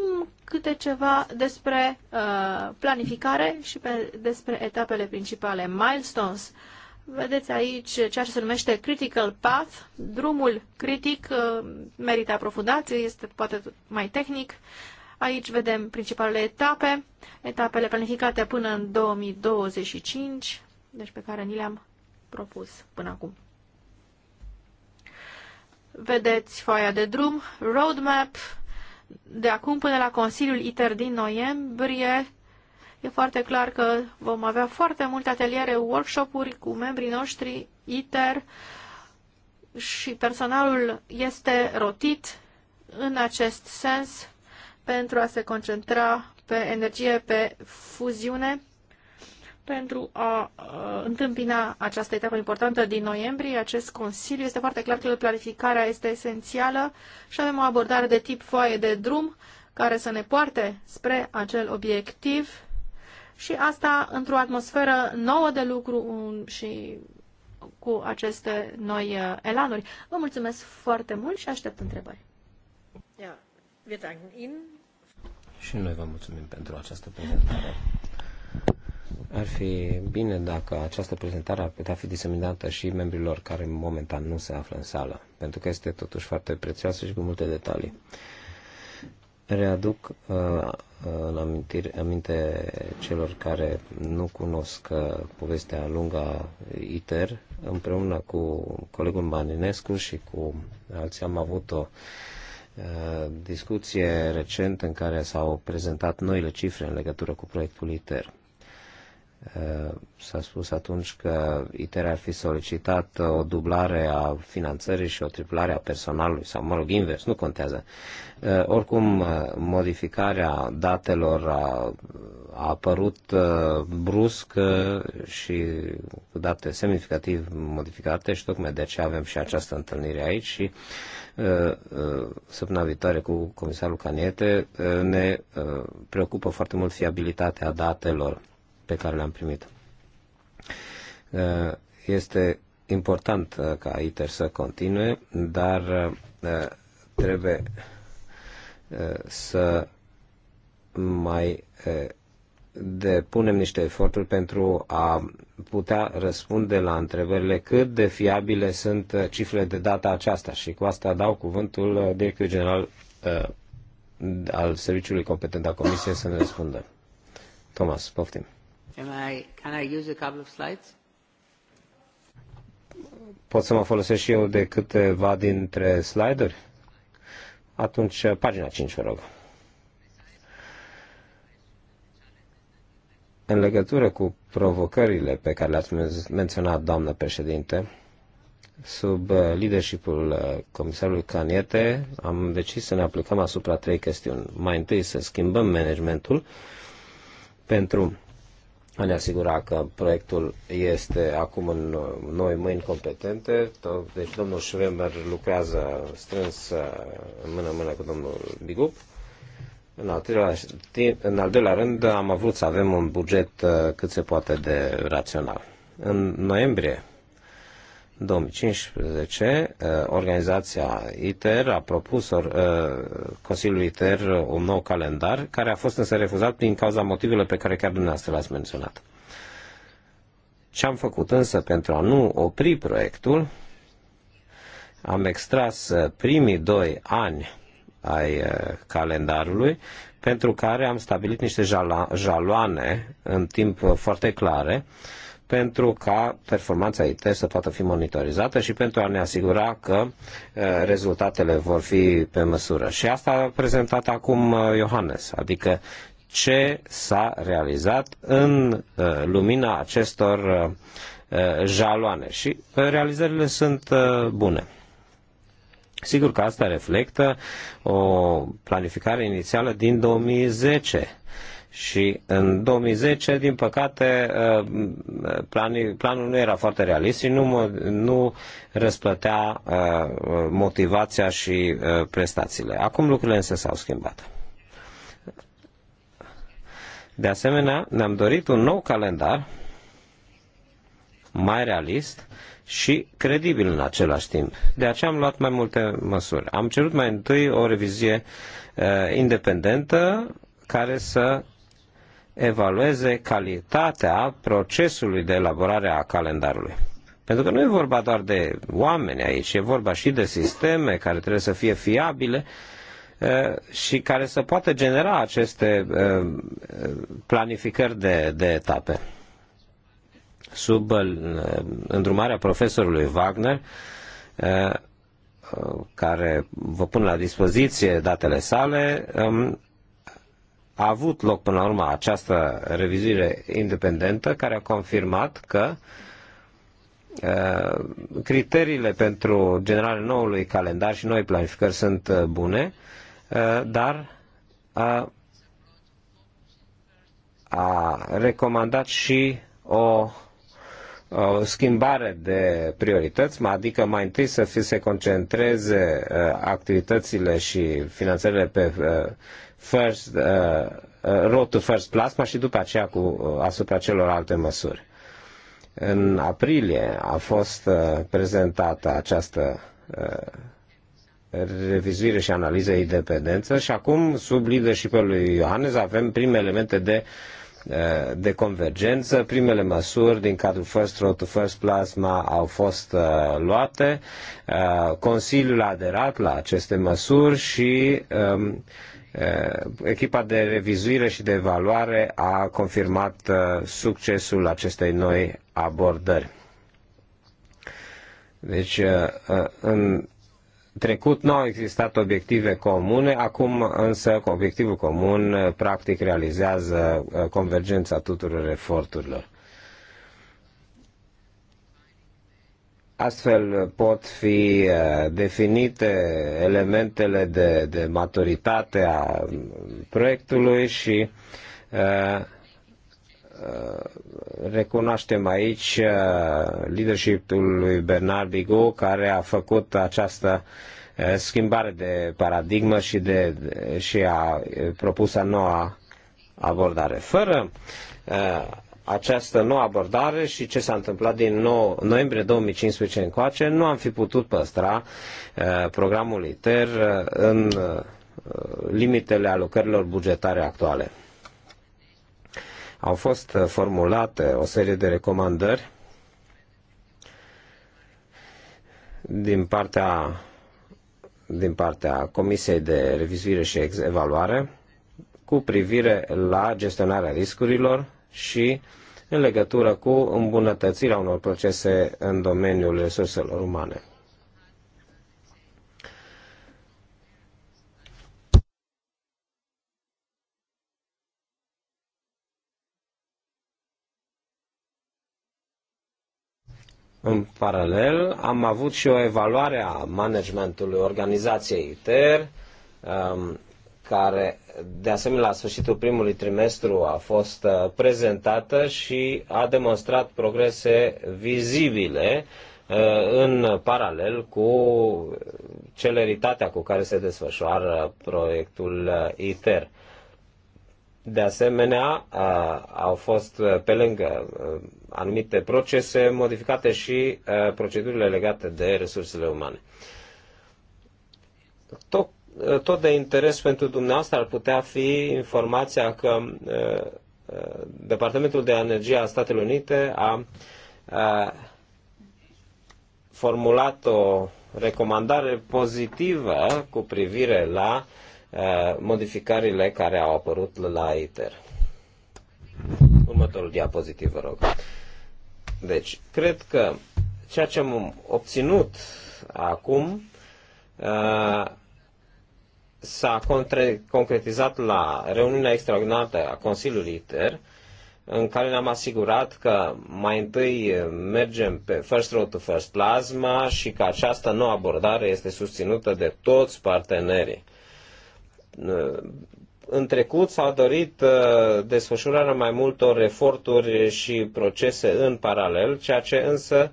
câte ceva despre uh, planificare și pe, despre etapele principale, milestones. Vedeți aici ceea ce se numește critical path, drumul critic, uh, merită aprofundat, este poate mai tehnic. Aici vedem principalele etape, etapele planificate până în 2025, deci pe care ni le-am propus până acum. Vedeți foaia de drum, roadmap, de acum până la Consiliul ITER din noiembrie. E foarte clar că vom avea foarte multe ateliere, workshop-uri cu membrii noștri ITER și personalul este rotit în acest sens pentru a se concentra pe energie, pe fuziune pentru a uh, întâmpina această etapă importantă din noiembrie, acest Consiliu. Este foarte clar că planificarea este esențială și avem o abordare de tip foaie de drum care să ne poarte spre acel obiectiv și asta într-o atmosferă nouă de lucru și cu aceste noi uh, elanuri. Vă mulțumesc foarte mult și aștept întrebări. Ja, wir danken Ihnen. Și noi vă mulțumim pentru această prezentare. Ar fi bine dacă această prezentare ar putea fi diseminată și membrilor care momentan nu se află în sală, pentru că este totuși foarte prețioasă și cu multe detalii. Readuc uh, uh în amintire, aminte celor care nu cunosc uh, povestea lungă a ITER. Împreună cu colegul Maninescu și cu alții am avut o uh, discuție recent în care s-au prezentat noile cifre în legătură cu proiectul ITER Eh, s-a spus atunci că ITER ar fi solicitat o dublare a finanțării și o triplare a personalului, sau mă rog, invers, nu contează. Eh, oricum, eh, modificarea datelor a, a apărut brusc și cu date semnificativ modificate și tocmai de ce avem și această întâlnire aici și săptămâna viitoare cu comisarul Caniete ne preocupă foarte mult fiabilitatea datelor pe care le-am primit. Uh, este important uh, ca ITER să continue, dar uh, trebuie să mai depunem niște eforturi pentru a putea răspunde la întrebările cât de fiabile sunt cifrele de data aceasta. Și cu asta dau cuvântul directorului general al serviciului competent al Comisiei să ne răspundă. Thomas, poftim can I use a couple of slides? Pot să mă folosesc și eu de câteva dintre slide-uri? Atunci, pagina 5, vă rog. În legătură cu provocările pe care le-ați menționat, doamnă președinte, sub uh, leadership-ul uh, comisarului Caniete, am decis să ne aplicăm asupra trei chestiuni. Mai întâi să schimbăm managementul pentru a ne asigura că proiectul este acum în noi mâini competente. Deci domnul Schremer lucrează strâns mână-mână uh, cu domnul Bigup. În al, treilea, în al doilea rând am avut să avem un buget uh, cât se poate de rațional. În noiembrie 2015, uh, organizația ITER a propus uh, Consiliului ITER un nou calendar, care a fost însă refuzat din cauza motivelor pe care chiar dumneavoastră le-ați menționat. Ce am făcut însă pentru a nu opri proiectul? Am extras uh, primii doi ani ai calendarului, pentru care am stabilit niște jaloane în timp foarte clare, pentru ca performanța IT să poată fi monitorizată și pentru a ne asigura că uh, rezultatele vor fi pe măsură. Și asta a prezentat acum uh, Iohannes, adică ce s-a realizat în uh, lumina acestor jaloane și realizările sunt bune. Sigur că asta reflectă o planificare inițială din 2010 și în 2010, din păcate, uh, planul, planul nu era foarte realist și nu, nu răsplătea uh, motivația și uh, prestațiile. Acum lucrurile însă s-au schimbat. De asemenea, ne-am dorit un nou calendar mai realist și credibil în același timp. De aceea am luat mai multe măsuri. Am cerut mai întâi o revizie uh, independentă care să evalueze calitatea procesului de elaborare a calendarului. Pentru că nu e vorba doar de oameni aici, e vorba și de sisteme care trebuie să fie fiabile și care să poată genera aceste planificări de, de etape. Sub îndrumarea profesorului Wagner, care vă pun la dispoziție datele sale, a avut loc până la urmă această revizuire independentă care a confirmat că uh, criteriile pentru generarea noului calendar și noi planificări sunt uh, bune, uh, dar a, a recomandat și o, o schimbare de priorități, adică mai întâi să fi se concentreze activitățile și finanțările pe first, uh, uh, Road to First Plasma și după aceea cu, uh, asupra celor alte măsuri. În aprilie a fost uh, prezentată această uh, revizuire și analiză independență și acum, sub leadership-ul lui Iohannes, avem prime elemente de, uh, de convergență. Primele măsuri din cadrul First Road to First Plasma au fost luate. Consiliul a aderat la aceste măsuri și uh, Eh, echipa de revizuire și de evaluare a confirmat eh, succesul acestei noi abordări. Deci, eh, în trecut nu au existat obiective comune, acum însă obiectivul comun practic realizează convergența tuturor eforturilor. Astfel pot fi eh, definite elementele de, de maturitate a mm, proiectului și eh, eh, recunoaștem aici leadershipul lui Bernard Bigot care a făcut această schimbare de paradigmă și, de, și a propus a noua abordare. Fără această nouă abordare și ce s-a întâmplat din 9, noiembrie 2015 încoace, nu am fi putut păstra uh, programul ITER uh, în uh, limitele alocărilor bugetare actuale. Au fost formulate o serie de recomandări din partea, din partea Comisiei de Revizuire și Evaluare cu privire la gestionarea riscurilor, și în legătură cu îmbunătățirea unor procese în domeniul resurselor umane. În paralel, am avut și o evaluare a managementului organizației ITER, um, care de asemenea la sfârșitul primului trimestru a fost uh, prezentată și a demonstrat progrese vizibile uh, în paralel cu celeritatea cu care se desfășoară proiectul uh, ITER. De asemenea, au fost pe lângă anumite procese modificate și procedurile legate de resursele umane. Tot tot de interes pentru dumneavoastră ar putea fi informația că Departamentul de Energie a Statelor Unite a, formulat o recomandare pozitivă cu privire la modificările care au apărut la ITER. Următorul diapozitiv, vă rog. Deci, cred că ceea ce am obținut acum s-a concretizat la reuniunea extraordinară a Consiliului ITER, în care ne-am asigurat că mai întâi mergem pe First Road to First Plasma și că această nouă abordare este susținută de toți partenerii. În trecut s-a dorit uh, desfășurarea mai multor eforturi și procese în paralel, ceea ce însă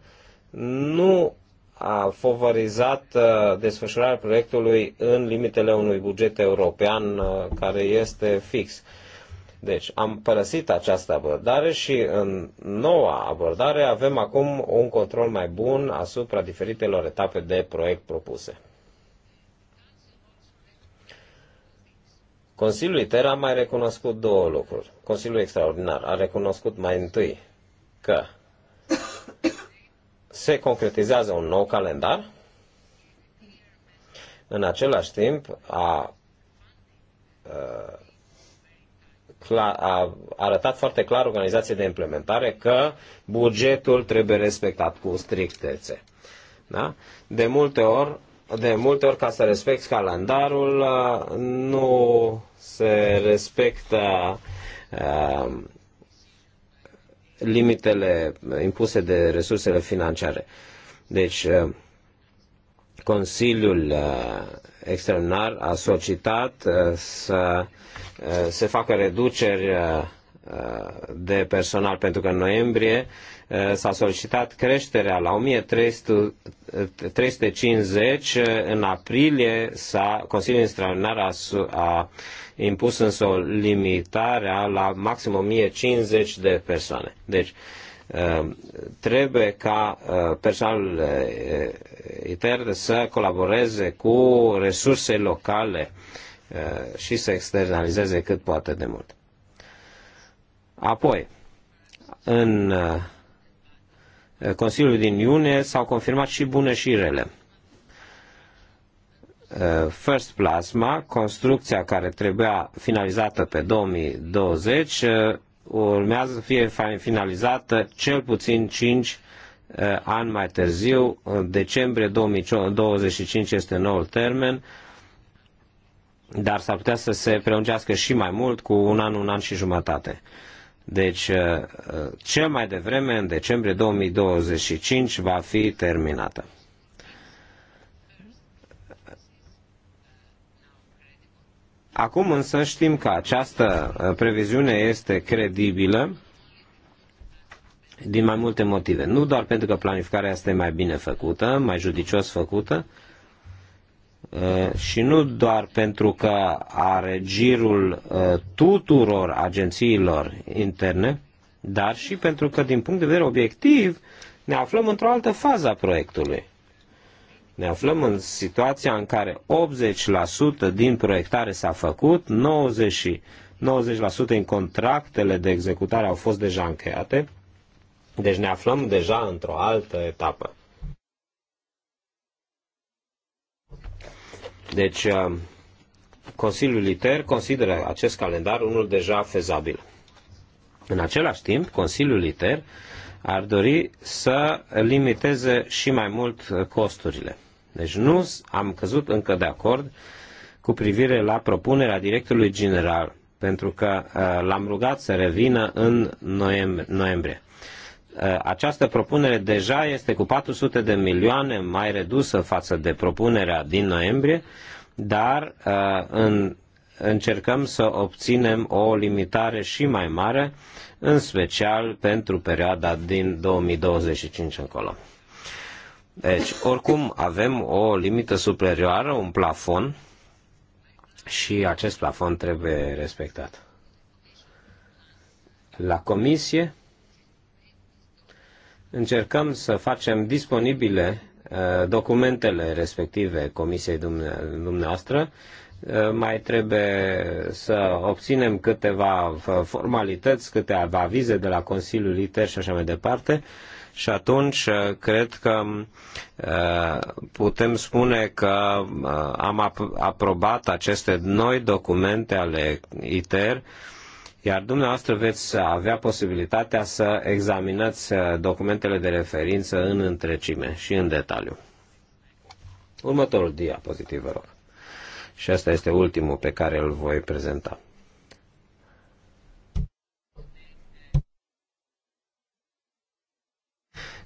nu a favorizat uh, desfășurarea proiectului în limitele unui buget european uh, care este fix. Deci am părăsit această abordare și în noua abordare avem acum un control mai bun asupra diferitelor etape de proiect propuse. Consiliul ITER a mai recunoscut două lucruri. Consiliul Extraordinar a recunoscut mai întâi că se concretizează un nou calendar. În același timp, a, a arătat foarte clar organizației de implementare că bugetul trebuie respectat cu strictețe. Da? De multe ori, de multe ori ca să respecti calendarul, nu se respectă uh, limitele impuse de resursele financiare. Deci, eh, Consiliul eh, Extraordinar a solicitat eh, să se facă reduceri de personal, pentru că în noiembrie uh, s-a solicitat creșterea la 1350, uh, în aprilie s-a, Consiliul Extraordinar a, a impus însă o limitare la maxim 1050 de persoane. Deci, uh, trebuie ca personalul ITER să colaboreze cu resurse locale și să externalizeze cât poate de mult. Apoi, în uh, Consiliul din iunie s-au confirmat și bune și rele. Uh, First Plasma, construcția care trebuia finalizată pe 2020, uh, urmează să fie finalizată cel puțin 5 ani mai târziu, în decembrie 2025 este noul termen, dar s-ar putea să se prelungească și mai mult, cu un an, un an și jumătate. Deci, uh, uh, cel mai devreme, în decembrie 2025, va fi terminată. Acum însă știm că această uh, previziune este credibilă din mai multe motive. Nu doar pentru că planificarea este mai bine făcută, mai judicios făcută, și nu doar pentru că are girul tuturor agențiilor interne, dar și pentru că, din punct de vedere obiectiv, ne aflăm într-o altă fază a proiectului. Ne aflăm în situația în care 80% din proiectare s-a făcut, 90, 90% din contractele de executare au fost deja încheiate, deci ne aflăm deja într-o altă etapă. Deci, uh, Consiliul liter consideră acest calendar unul deja fezabil. În același timp, Consiliul liter ar dori să limiteze și mai mult uh, costurile. Deci nu am căzut încă de acord cu privire la propunerea directorului general, pentru că uh, l-am rugat să revină în noiembrie. Eh, această propunere deja este cu 400 de milioane mai redusă față de propunerea din noiembrie, dar eh, în, încercăm să obținem o limitare și mai mare, în special pentru perioada din 2025 încolo. Deci, oricum, avem o limită superioară, un plafon, și acest plafon trebuie respectat. La comisie, încercăm să facem disponibile uh, documentele respective Comisiei dumneavoastră. Uh, mai trebuie să obținem câteva formalități, câteva avize de la Consiliul ITER și așa mai departe. Și atunci uh, cred că putem spune că am aprobat aceste noi documente ale ITER iar dumneavoastră veți avea posibilitatea să examinați uh, documentele de referință în întrecime și în detaliu. Următorul diapozitiv, vă rog. Și asta este ultimul pe care îl voi prezenta.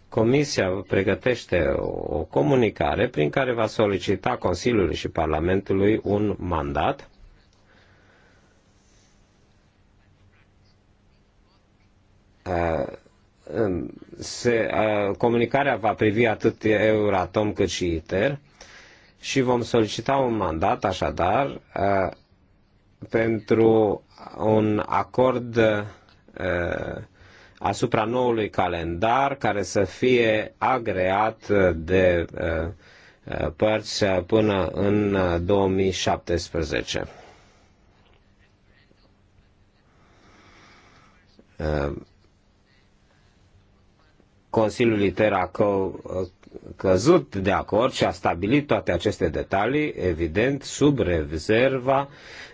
Comisia pregătește o comunicare prin care va solicita Consiliului și Parlamentului un mandat Uh, um, se, uh, comunicarea va privi atât Euratom cât și ITER și vom solicita un mandat, așadar, uh, pentru un acord asupra noului calendar care să fie agreat de părți până în 2017. Consiliul Liter a că, căzut de acord și a stabilit toate aceste detalii, evident, sub rezerva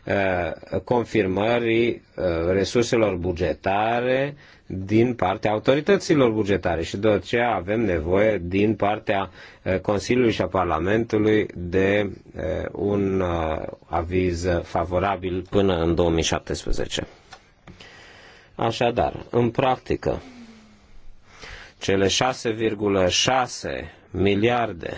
uh, confirmării uh, resurselor bugetare din partea autorităților bugetare și de aceea avem nevoie din partea uh, Consiliului și a Parlamentului de un aviz favorabil până în 2017. Așadar, în practică, cele 6,6 miliarde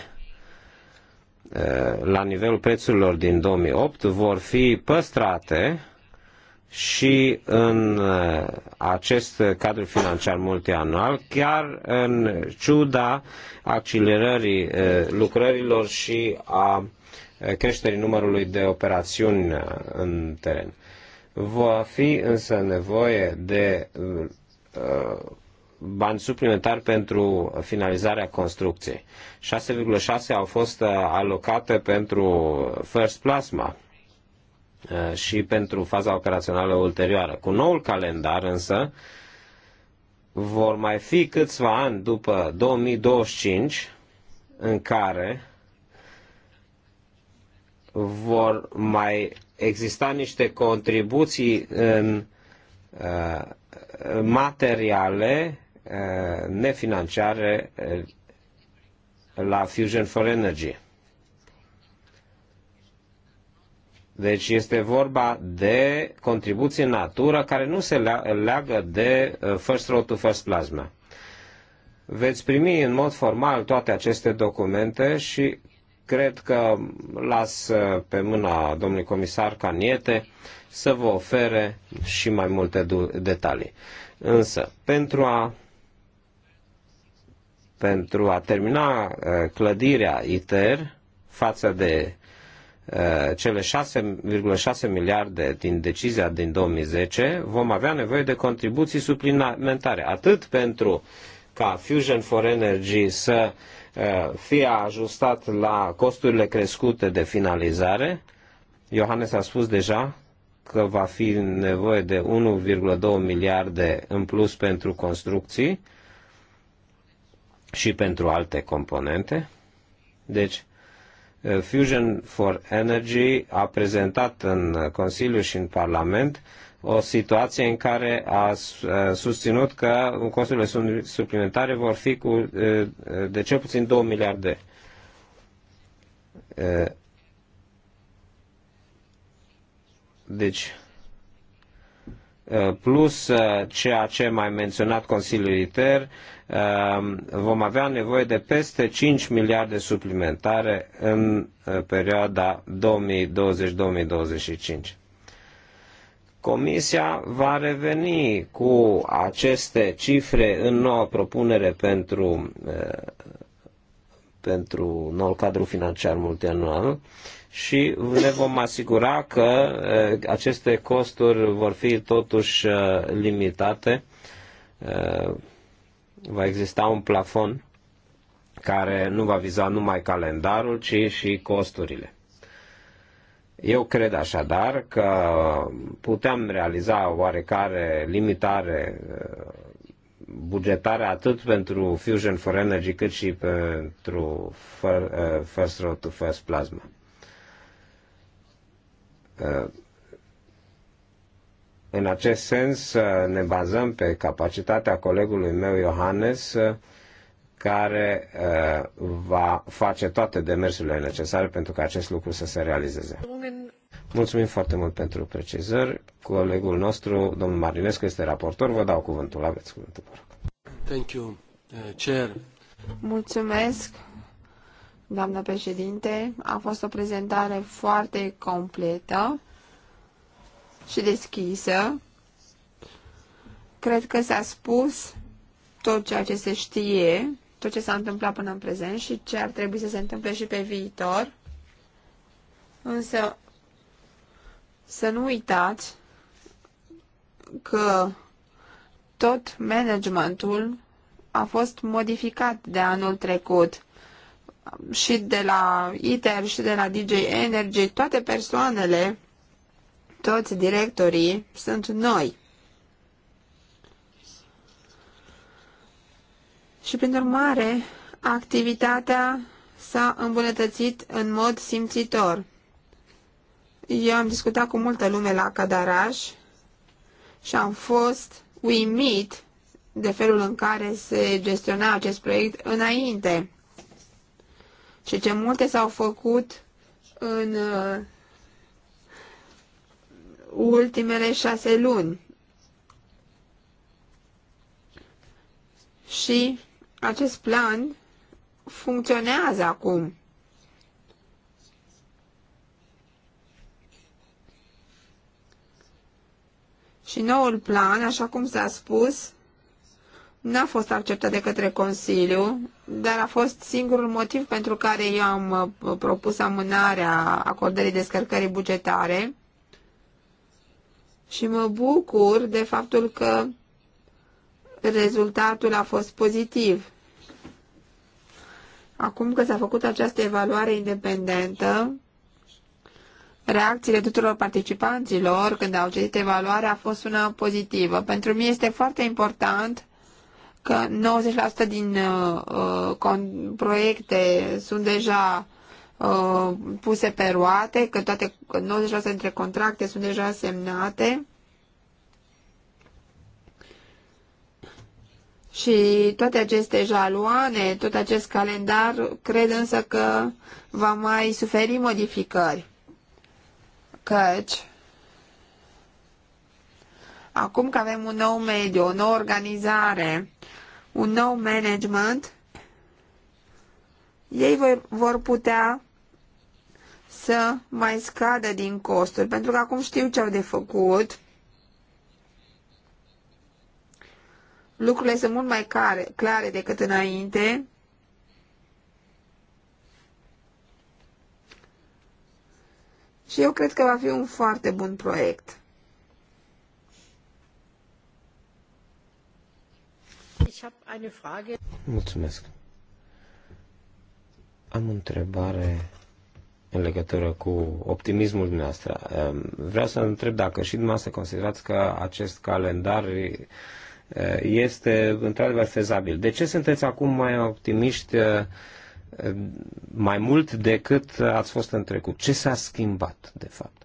la nivelul prețurilor din 2008 vor fi păstrate și în acest cadru financiar multianual, chiar în ciuda accelerării lucrărilor și a creșterii numărului de operațiuni în teren. Va fi însă nevoie de bani suplimentari pentru finalizarea construcției. 6,6 au fost uh, alocate pentru First Plasma uh, și pentru faza operațională ulterioară. Cu noul calendar însă vor mai fi câțiva ani după 2025 în care vor mai exista niște contribuții în uh, materiale Uh, nefinanciare uh, la Fusion for Energy. Deci este vorba de contribuții în natură care nu se leagă de uh, First Road to First Plasma. Veți primi în mod formal toate aceste documente și cred că las pe mâna domnului comisar Caniete să vă ofere și mai multe detalii. Însă, pentru a pentru a termina uh, clădirea ITER față de uh, cele 6,6 miliarde din decizia din 2010, vom avea nevoie de contribuții suplimentare, atât pentru ca Fusion for Energy să uh, fie ajustat la costurile crescute de finalizare. Iohannes a spus deja că va fi nevoie de 1,2 miliarde în plus pentru construcții și pentru alte componente. Deci, uh, Fusion for Energy a prezentat în Consiliu și în Parlament o situație în care a uh, susținut că costurile suplimentare vor fi cu, uh, de cel puțin 2 miliarde. Deci, plus ceea ce mai menționat Consiliul ITER, Ehm, vom avea nevoie de peste 5 miliarde suplimentare în eh, perioada 2020-2025. Comisia va reveni cu aceste cifre în noua propunere pentru, eh, pentru noul cadru financiar multianual și ne vom asigura că eh, aceste costuri vor fi totuși limitate va exista un plafon care nu va viza numai calendarul, ci și costurile. Eu cred așadar că putem realiza oarecare limitare uh, bugetare atât pentru Fusion for Energy cât și pentru uh, First Road to First Plasma uh, în acest sens uh, ne bazăm pe capacitatea colegului meu Iohannes uh, care uh, va face toate demersurile necesare pentru ca acest lucru să se realizeze. Mulțumim foarte mult pentru precizări. Colegul nostru, domnul Marinescu, este raportor. Vă dau cuvântul. Aveți cuvântul, vă rog. Thank you. Chair. Mulțumesc, doamnă președinte. A fost o prezentare foarte completă și deschisă. Cred că s-a spus tot ceea ce se știe, tot ce s-a întâmplat până în prezent și ce ar trebui să se întâmple și pe viitor. Însă să nu uitați că tot managementul a fost modificat de anul trecut și de la ITER și de la DJ Energy, toate persoanele toți directorii sunt noi. Și, prin urmare, activitatea s-a îmbunătățit în mod simțitor. Eu am discutat cu multă lume la Cadaraș și am fost uimit de felul în care se gestiona acest proiect înainte și ce multe s-au făcut în uh, ultimele șase luni. Și acest plan funcționează acum. Și noul plan, așa cum s-a spus, n-a fost acceptat de către Consiliu, dar a fost singurul motiv pentru care eu am uh, propus amânarea acordării descărcării bugetare și mă bucur de faptul că rezultatul a fost pozitiv. Acum că s-a făcut această evaluare independentă, reacțiile tuturor participanților când au citit evaluarea a fost una pozitivă. Pentru mine este foarte important că 90% din uh, uh proiecte sunt deja Uh, puse pe roate, că toate 90% dintre contracte sunt deja semnate. Și toate aceste jaloane, tot acest calendar, cred însă că va mai suferi modificări. Căci, acum că avem un nou mediu, o nouă organizare, un nou management, ei vor putea să mai scadă din costuri, pentru că acum știu ce au de făcut. Lucrurile sunt mult mai care, clare decât înainte. Și eu cred că va fi un foarte bun proiect. Mulțumesc. Am o întrebare în legătură cu optimismul dumneavoastră. Ehm, vreau să întreb dacă și dumneavoastră considerați că acest calendar este într-adevăr fezabil. De ce sunteți acum mai optimiști mai mult decât ați fost în trecut? Ce s-a schimbat, de fapt?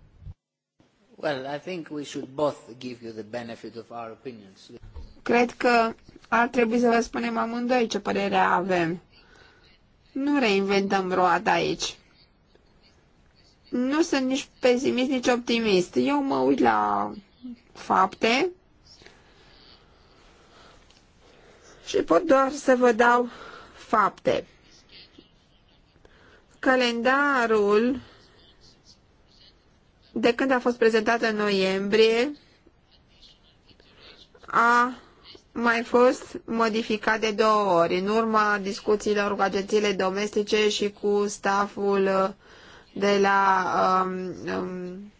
Well, I think we should both give you the benefit of our opinions. Cred că ar trebui să vă spunem amândoi ce părere avem. Nu reinventăm roata aici nu sunt nici pesimist, nici optimist. Eu mă uit la fapte și pot doar să vă dau fapte. Calendarul de când a fost prezentat în noiembrie a mai fost modificat de două ori în urma discuțiilor cu agențiile domestice și cu staful de la um, um,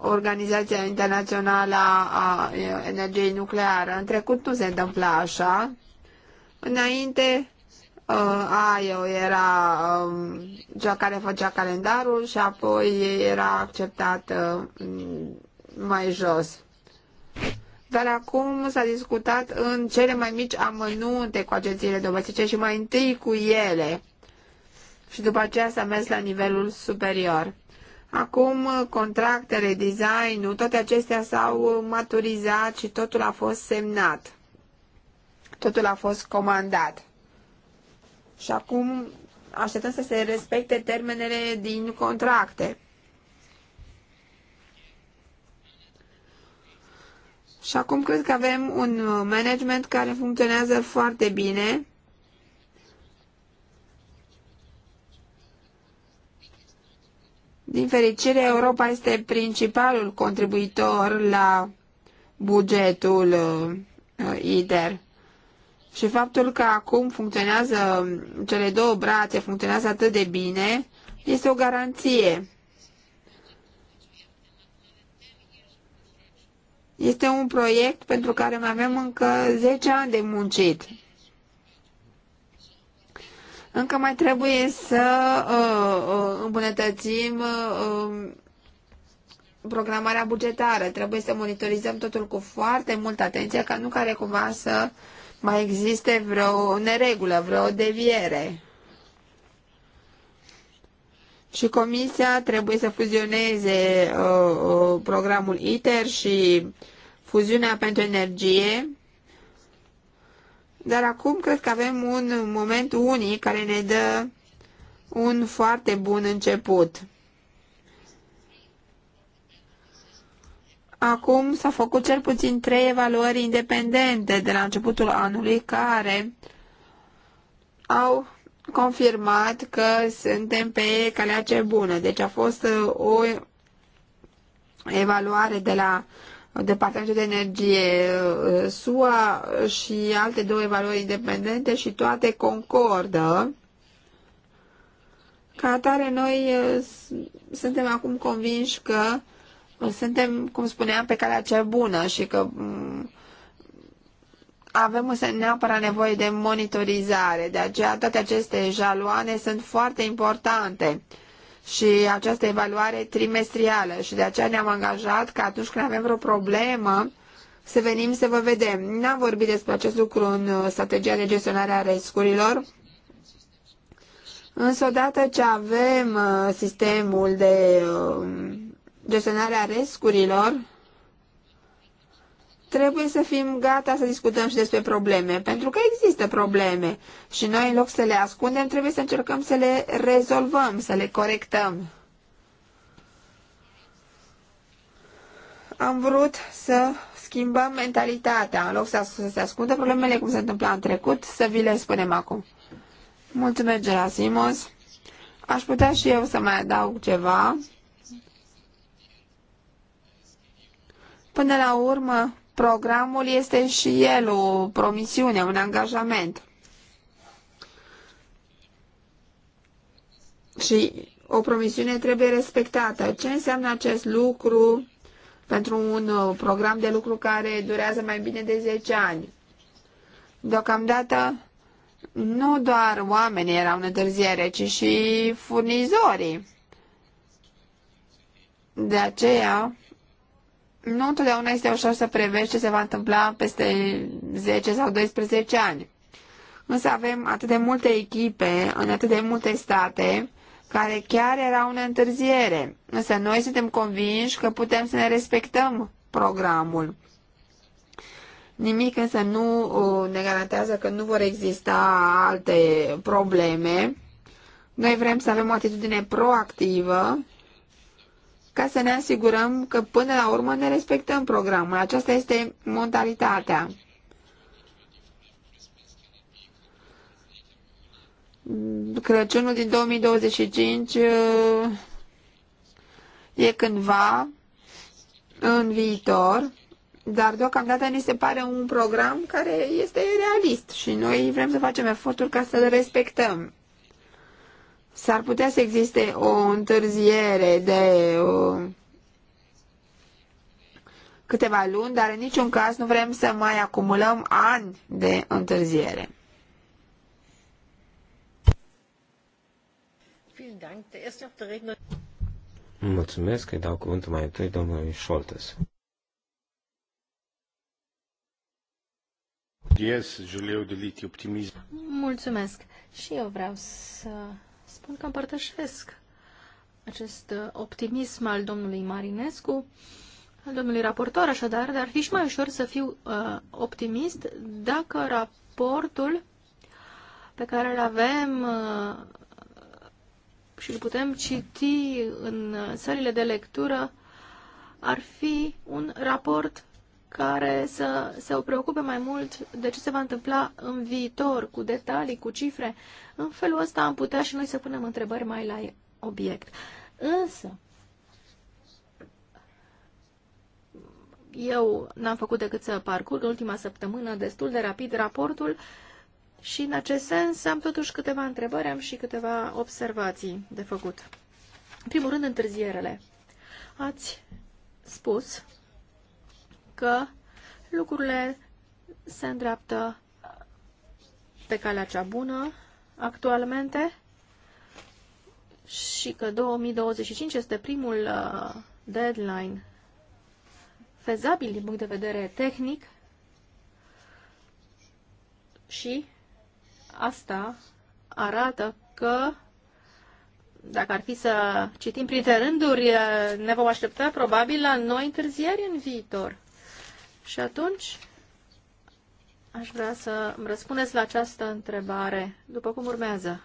Organizația Internațională a Energiei Nucleare. În trecut nu se întâmpla așa. Înainte, uh, AIO era um, cea care făcea calendarul și apoi era acceptat uh, mai jos. Dar acum s-a discutat în cele mai mici amănunte cu agențiile domestice și mai întâi cu ele și după aceea să mergi la nivelul superior. Acum contractele, designul, toate acestea s-au maturizat și totul a fost semnat. Totul a fost comandat. Și acum așteptăm să se respecte termenele din contracte. Și acum cred că avem un management care funcționează foarte bine Din fericire, Europa este principalul contribuitor la bugetul uh, IDER. Și faptul că acum funcționează cele două brațe, funcționează atât de bine, este o garanție. Este un proiect pentru care mai avem încă 10 ani de muncit. Încă mai trebuie să uh, uh îmbunătățim uh, um, programarea bugetară. Trebuie să monitorizăm totul cu foarte multă atenție ca nu care cumva să mai existe vreo neregulă, vreo deviere. Și comisia trebuie să fuzioneze uh, uh programul ITER și fuziunea pentru energie dar acum cred că avem un moment unic care ne dă un foarte bun început. Acum s-au făcut cel puțin trei evaluări independente de la începutul anului care au confirmat că suntem pe calea cea bună. Deci a fost o evaluare de la de partajul de energie, uh, SUA și alte două evaluări independente și toate concordă. Ca atare, noi uh, suntem acum convinși că uh, suntem, cum spuneam, pe calea cea bună și că mm, avem neapărat nevoie de monitorizare. De aceea toate aceste jaloane sunt foarte importante și această evaluare trimestrială și de aceea ne-am angajat că atunci când avem vreo problemă să venim să vă vedem. N-am vorbit despre acest lucru în uh, strategia de gestionare a riscurilor, însă odată ce avem uh, sistemul de uh, gestionare a riscurilor, trebuie să fim gata să discutăm și despre probleme, pentru că există probleme și noi, în loc să le ascundem, trebuie să încercăm să le rezolvăm, să le corectăm. Am vrut să schimbăm mentalitatea, în loc să, se ascundă problemele cum se întâmpla în trecut, să vi le spunem acum. Mulțumesc, Gerasimos. Aș putea și eu să mai adaug ceva. Până la urmă, Programul este și el o promisiune, un angajament. Și o promisiune trebuie respectată. Ce înseamnă acest lucru pentru un uh, program de lucru care durează mai bine de 10 ani? Deocamdată nu doar oamenii erau în întârziere, ci și furnizorii. De aceea, nu întotdeauna este ușor să prevești ce se va întâmpla peste 10 sau 12 ani. Însă avem atât de multe echipe în atât de multe state care chiar erau în întârziere. Însă noi suntem convinși că putem să ne respectăm programul. Nimic însă nu uh, ne garantează că nu vor exista alte probleme. Noi vrem să avem o atitudine proactivă ca să ne asigurăm că până la urmă ne respectăm programul. Aceasta este modalitatea. Crăciunul din 2025 uh, e cândva în viitor, dar deocamdată ni se pare un program care este realist și noi vrem să facem eforturi ca să-l respectăm. S-ar putea să existe o întârziere de o... Uh, câteva luni, dar în niciun caz nu vrem să mai acumulăm ani de întârziere. Mulțumesc, îi dau cuvântul mai întâi domnului Scholtes. Yes, Julio de Liti, optimism. Mulțumesc. Și eu vreau să spun că împărtășesc acest uh, optimism al domnului Marinescu, al domnului raportor, așadar, dar ar fi și mai ușor să fiu uh, optimist dacă raportul pe care îl avem uh, și îl putem citi în uh, sălile de lectură ar fi un raport care să se preocupe mai mult de ce se va întâmpla în viitor, cu detalii, cu cifre. În felul ăsta am putea și noi să punem întrebări mai la obiect. Însă, eu n-am făcut decât să parcurg ultima săptămână destul de rapid raportul și în acest sens am totuși câteva întrebări, am și câteva observații de făcut. În primul rând, întârzierele. Ați spus că lucrurile se îndreaptă pe calea cea bună actualmente și că 2025 este primul uh, deadline fezabil din punct de vedere tehnic și asta arată că dacă ar fi să citim printre rânduri, uh, ne vom aștepta probabil la noi întârzieri în viitor. Și atunci aș vrea să îmi răspundeți la această întrebare, după cum urmează.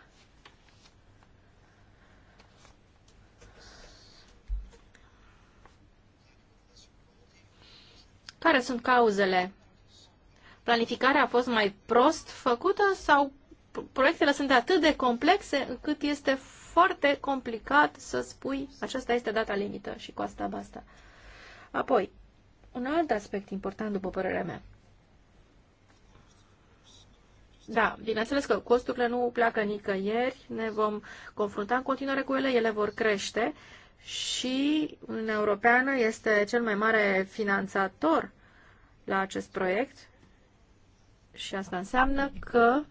Care sunt cauzele? Planificarea a fost mai prost făcută sau proiectele sunt atât de complexe încât este foarte complicat să spui aceasta este data limită și cu asta basta. Apoi, un alt aspect important, după părerea mea. Da, bineînțeles că costurile nu pleacă nicăieri, ne vom confrunta în continuare cu ele, ele vor crește și Uniunea Europeană este cel mai mare finanțator la acest proiect și asta înseamnă că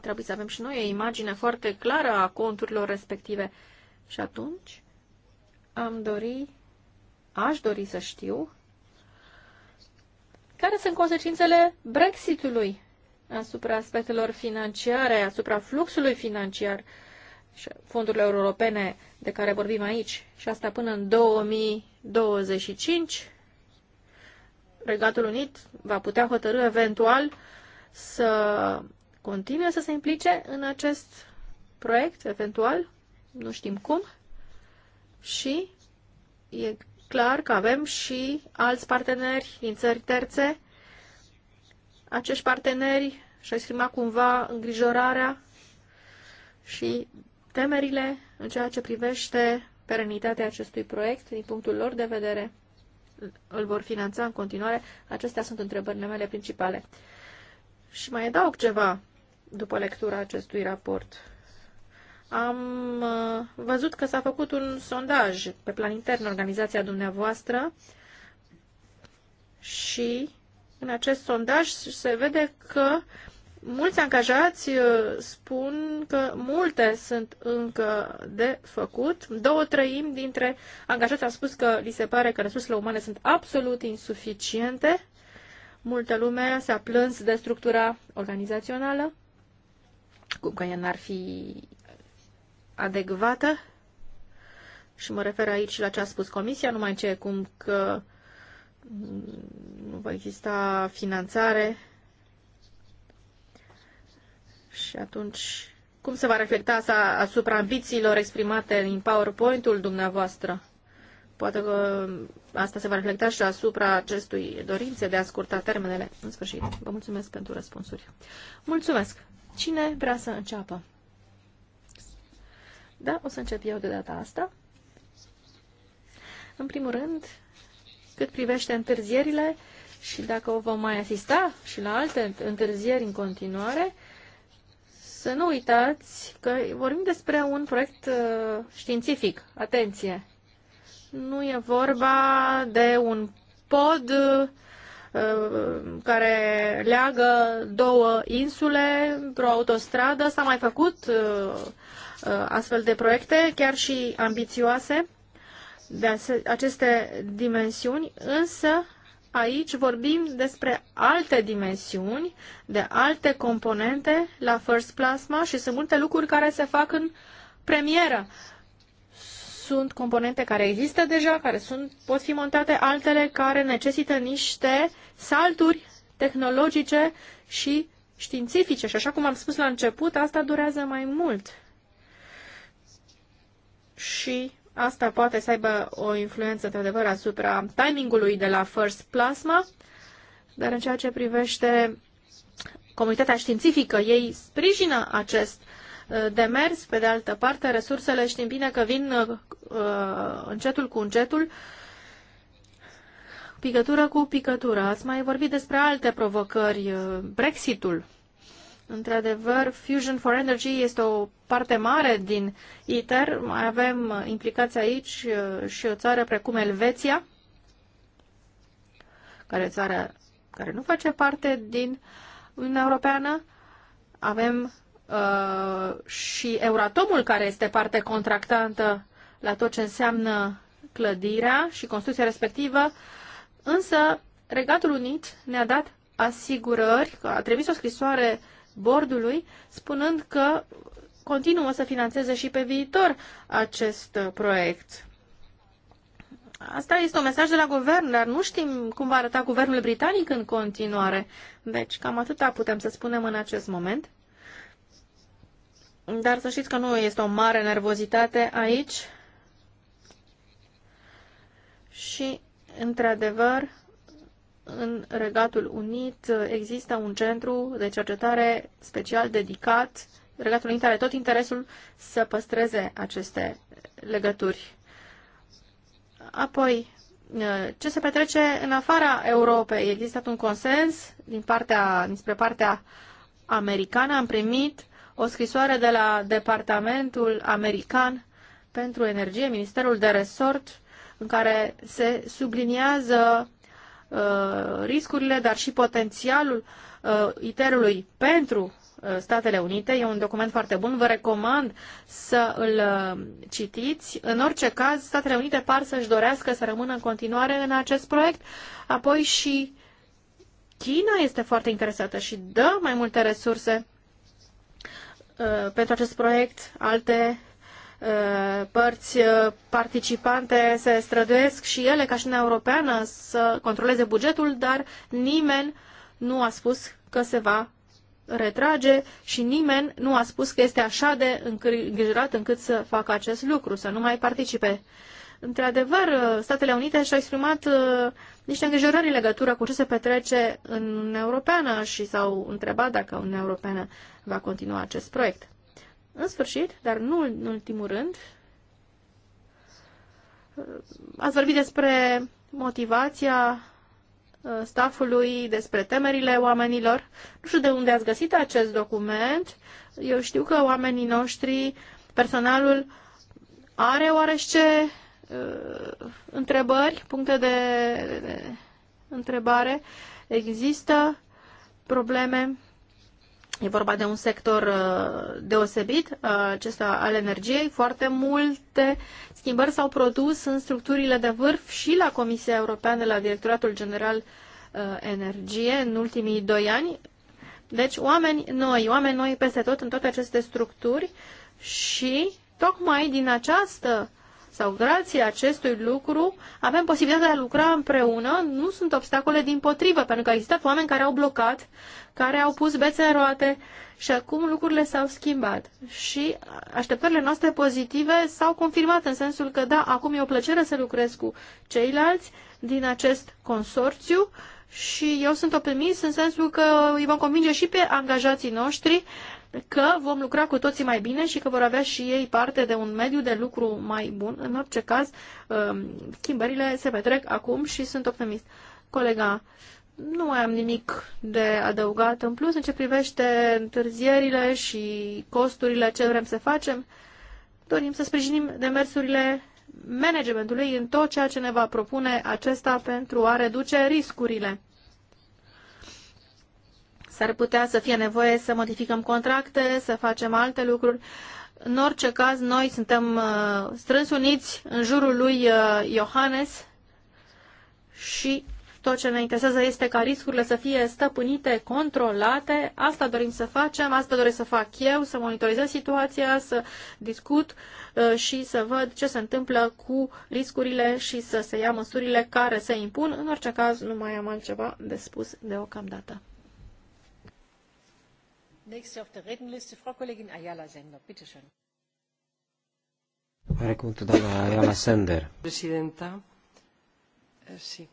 trebuie să avem și noi o imagine foarte clară a conturilor respective. Și atunci am dori, aș dori să știu care sunt consecințele Brexitului asupra aspectelor financiare, asupra fluxului financiar și fondurile europene de care vorbim aici și asta până în 2025? Regatul Unit va putea hotărâ eventual să continue să se implice în acest proiect, eventual, nu știm cum, și e clar că avem și alți parteneri din țări terțe. Acești parteneri și-au exprimat cumva îngrijorarea și temerile în ceea ce privește perenitatea acestui proiect din punctul lor de vedere. Îl vor finanța în continuare. Acestea sunt întrebările mele principale. Și mai adaug ceva după lectura acestui raport am uh, văzut că s-a făcut un sondaj pe plan intern organizația dumneavoastră și în acest sondaj se vede că mulți angajați uh, spun că multe sunt încă de făcut. Două treimi dintre angajați au spus că li se pare că resursele umane sunt absolut insuficiente. Multă lume s-a plâns de structura organizațională, cum că ea n-ar fi adecvată și mă refer aici la ce a spus Comisia, numai ce cum că nu va exista finanțare și atunci cum se va reflecta asta asupra ambițiilor exprimate în PowerPoint-ul dumneavoastră? Poate că asta se va reflecta și asupra acestui dorințe de a scurta termenele. În sfârșit, vă mulțumesc pentru răspunsuri. Mulțumesc! Cine vrea să înceapă? Da, o să încep eu de data asta. În primul rând, cât privește întârzierile și dacă o vom mai asista și la alte întârzieri în continuare, să nu uitați că vorbim despre un proiect uh, științific. Atenție! Nu e vorba de un pod uh, care leagă două insule într-o autostradă. S-a mai făcut uh, Uh, astfel de proiecte, chiar și ambițioase, de aceste dimensiuni, însă aici vorbim despre alte dimensiuni, de alte componente la First Plasma și sunt multe lucruri care se fac în premieră. Sunt componente care există deja, care sunt, pot fi montate, altele care necesită niște salturi tehnologice și științifice. Și așa cum am spus la început, asta durează mai mult și asta poate să aibă o influență, într-adevăr, asupra timingului de la First Plasma, dar în ceea ce privește comunitatea științifică, ei sprijină acest uh, demers. Pe de altă parte, resursele știm bine că vin uh, uh, încetul cu încetul, picătură cu picătură. Ați mai vorbit despre alte provocări, Brexitul Într-adevăr, Fusion for Energy este o parte mare din ITER. Mai avem implicați aici uh, și o țară precum Elveția, care, țară, care nu face parte din Uniunea Europeană. Avem uh, și Euratomul, care este parte contractantă la tot ce înseamnă clădirea și construcția respectivă, însă Regatul Unit ne-a dat asigurări că a trimis o scrisoare uh, bordului, spunând că continuă să financeze și pe viitor acest uh, proiect. Asta este un mesaj de la guvern, dar nu știm cum va arăta guvernul britanic în continuare. Deci, cam atâta putem să spunem în acest moment. Dar să știți că nu este o mare nervozitate aici. Și, într-adevăr, în Regatul Unit există un centru de cercetare special dedicat. Regatul Unit are tot interesul să păstreze aceste legături. Apoi, ce se petrece în afara Europei? Există un consens din partea, dinspre partea americană. Am primit o scrisoare de la Departamentul American pentru Energie, Ministerul de Resort, în care se subliniază Uh, riscurile, dar și potențialul uh, ITER-ului pentru uh, Statele Unite. E un document foarte bun, vă recomand să îl citiți. În orice caz, Statele Unite par să-și dorească să rămână în continuare în acest proiect. Apoi și China este foarte interesată și dă mai multe resurse pentru acest proiect. Alte Eh, părți eh, participante se străduiesc și ele, ca și Uniunea Europeană, să controleze bugetul, dar nimeni nu a spus că se va retrage și nimeni nu a spus că este așa de îngrijorat încât să facă acest lucru, să nu mai participe. Într-adevăr, eh, Statele Unite și-au exprimat niște îngrijorări în legătură cu ce se petrece în Uniunea Europeană și s-au întrebat dacă Uniunea Europeană va continua acest proiect. În sfârșit, dar nu în ultimul rând, ați vorbit despre motivația uh, staffului, despre temerile oamenilor. Nu știu de unde ați găsit acest document. Eu știu că oamenii noștri, personalul, are oarește uh, întrebări, puncte de întrebare. Există probleme E vorba de un sector uh, deosebit, uh, acesta al energiei. Foarte multe schimbări s-au produs în structurile de vârf și la Comisia Europeană, la Directoratul General uh, Energie în ultimii doi ani. Deci oameni noi, oameni noi peste tot în toate aceste structuri și tocmai din această sau grație acestui lucru avem posibilitatea de a lucra împreună, nu sunt obstacole din potrivă, pentru că au existat oameni care au blocat, care au pus bețe în roate și acum lucrurile s-au schimbat. Și așteptările noastre pozitive s-au confirmat în sensul că, da, acum e o plăcere să lucrez cu ceilalți din acest consorțiu și eu sunt optimist în sensul că îi vom convinge și pe angajații noștri că vom lucra cu toții mai bine și că vor avea și ei parte de un mediu de lucru mai bun. În orice caz, um, schimbările se petrec acum și sunt optimist. Colega, nu mai am nimic de adăugat în plus în ce privește întârzierile și costurile, ce vrem să facem. Dorim să sprijinim demersurile managementului în tot ceea ce ne va propune acesta pentru a reduce riscurile. S-ar putea să fie nevoie să modificăm contracte, să facem alte lucruri. În orice caz, noi suntem uh, strâns uniți în jurul lui uh, Iohannes și tot ce ne interesează este ca riscurile să fie stăpânite, controlate. Asta dorim să facem, asta doresc să fac eu, să monitorizez situația, să discut uh, și să văd ce se întâmplă cu riscurile și să se ia măsurile care se impun. În orice caz, nu mai am altceva de spus deocamdată. Nächste auf der Redenliste, Ayala Sender, bitte Are cuvântul doamna Ayala Sender. Președinta, și...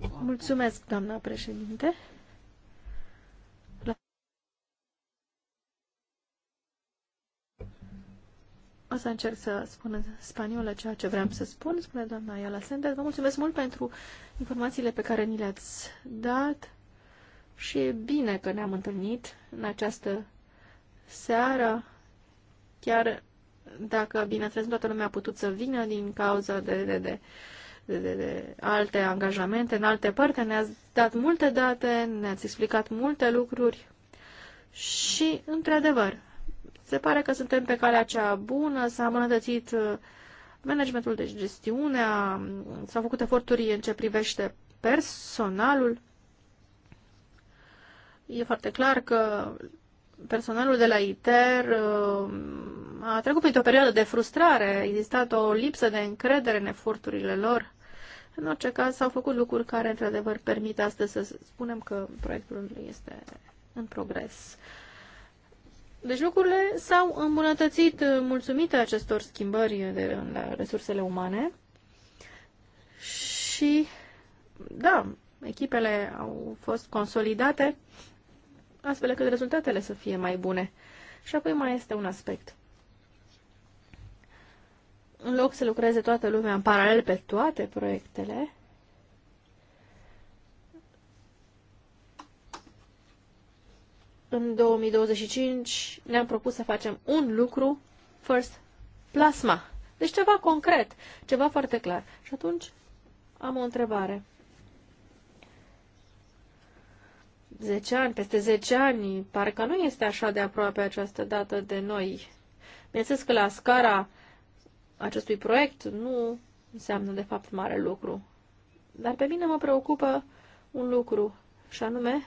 Eh, mulțumesc, doamna președinte. O să încerc să spun în spaniolă ceea ce vreau să spun, spune doamna Ayala Sender. Vă mulțumesc mult pentru informațiile pe care ni le-ați dat și e bine că ne-am întâlnit în această seară, chiar dacă, bineînțeles, toată lumea a putut să vină din cauza de, de, de, de, de, de alte angajamente în alte părți, ne-ați dat multe date, ne-ați explicat multe lucruri și, într-adevăr, se pare că suntem pe calea cea bună, s-a îmbunătățit uh, managementul de gestiunea, s-au făcut eforturi în ce privește personalul E foarte clar că personalul de la ITER uh, a trecut printr-o perioadă de frustrare, a existat o lipsă de încredere în eforturile lor. În orice caz, s-au făcut lucruri care, într-adevăr, permit astăzi să spunem că proiectul este în progres. Deci lucrurile s-au îmbunătățit mulțumită acestor schimbări de, la resursele umane și, da, echipele au fost consolidate astfel încât rezultatele să fie mai bune. Și apoi mai este un aspect. În loc să lucreze toată lumea în paralel pe toate proiectele, în 2025 ne-am propus să facem un lucru, First Plasma. Deci ceva concret, ceva foarte clar. Și atunci am o întrebare. 10 ani, peste 10 ani, parcă nu este așa de aproape această dată de noi. Bineînțeles că la scara acestui proiect nu înseamnă de fapt mare lucru. Dar pe mine mă preocupă un lucru, și anume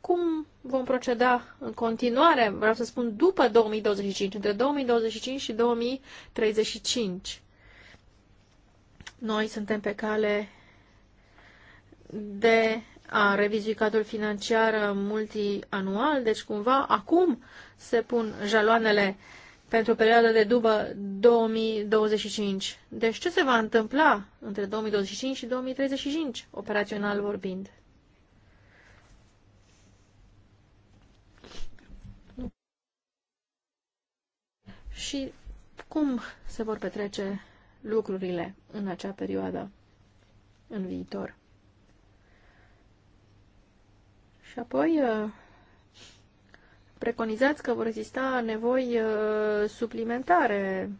cum vom proceda în continuare, vreau să spun după 2025, între 2025 și 2035. Noi suntem pe cale de a revizui cadrul financiar multianual, deci cumva acum se pun jaloanele pentru perioada de după 2025. Deci ce se va întâmpla între 2025 și 2035, operațional vorbind? Și cum se vor petrece lucrurile în acea perioadă în viitor? Și apoi uh, preconizați că vor exista nevoi uh, suplimentare,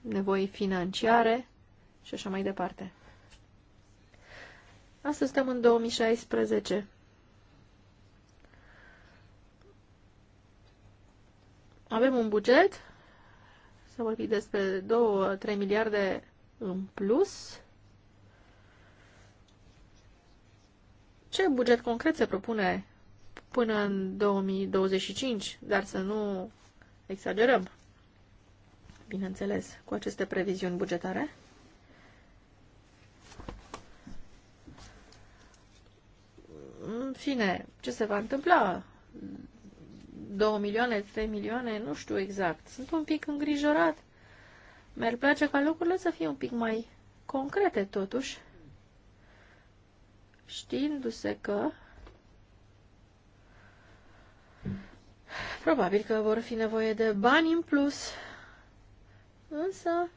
nevoi financiare și așa mai departe. Astăzi suntem în 2016. Avem un buget, s-a vorbit despre 2-3 miliarde în plus, Ce buget concret se propune până în 2025, dar să nu exagerăm, bineînțeles, cu aceste previziuni bugetare? În fine, ce se va întâmpla? 2 milioane, 3 milioane, nu știu exact. Sunt un pic îngrijorat. Mi-ar place ca lucrurile să fie un pic mai concrete, totuși știindu-se că probabil că vor fi nevoie de bani în plus, însă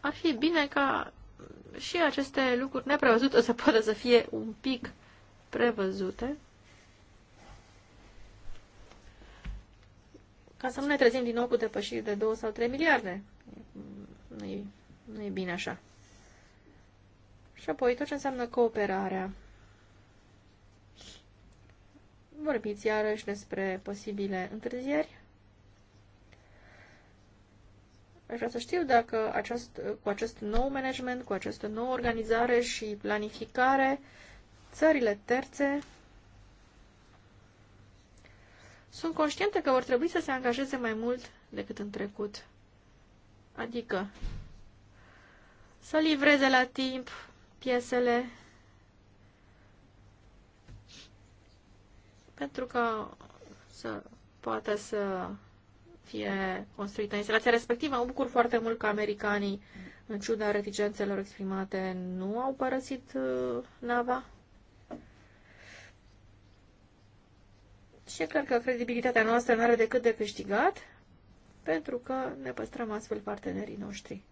ar fi bine ca și aceste lucruri neprevăzute să poată să fie un pic prevăzute. Ca să nu ne trezim din nou cu depășiri de 2 sau 3 miliarde. Nu e, nu e bine așa. Și apoi tot ce înseamnă cooperarea. Vorbiți iarăși despre posibile întârzieri. Aș vrea să știu dacă acest, cu acest nou management, cu această nouă organizare și planificare, țările terțe sunt conștiente că vor trebui să se angajeze mai mult decât în trecut. Adică să livreze la timp piesele pentru că să poată să fie construită instalația respectivă. Mă bucur foarte mult că americanii, în ciuda reticențelor exprimate, nu au părăsit uh, nava. Și e clar că credibilitatea noastră nu are decât de câștigat, pentru că ne păstrăm astfel partenerii noștri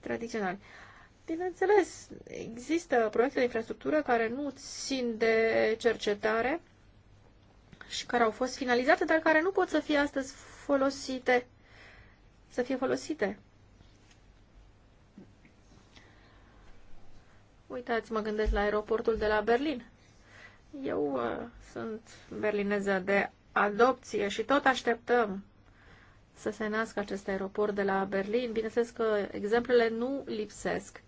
tradiționali. Bineînțeles, există proiecte de infrastructură care nu țin de cercetare și care au fost finalizate, dar care nu pot să fie astăzi folosite, să fie folosite. Uitați, mă gândesc la aeroportul de la Berlin. Eu uh, sunt berlineză de adopție și tot așteptăm să se nască acest aeroport de la Berlin. Bineînțeles că exemplele nu lipsesc.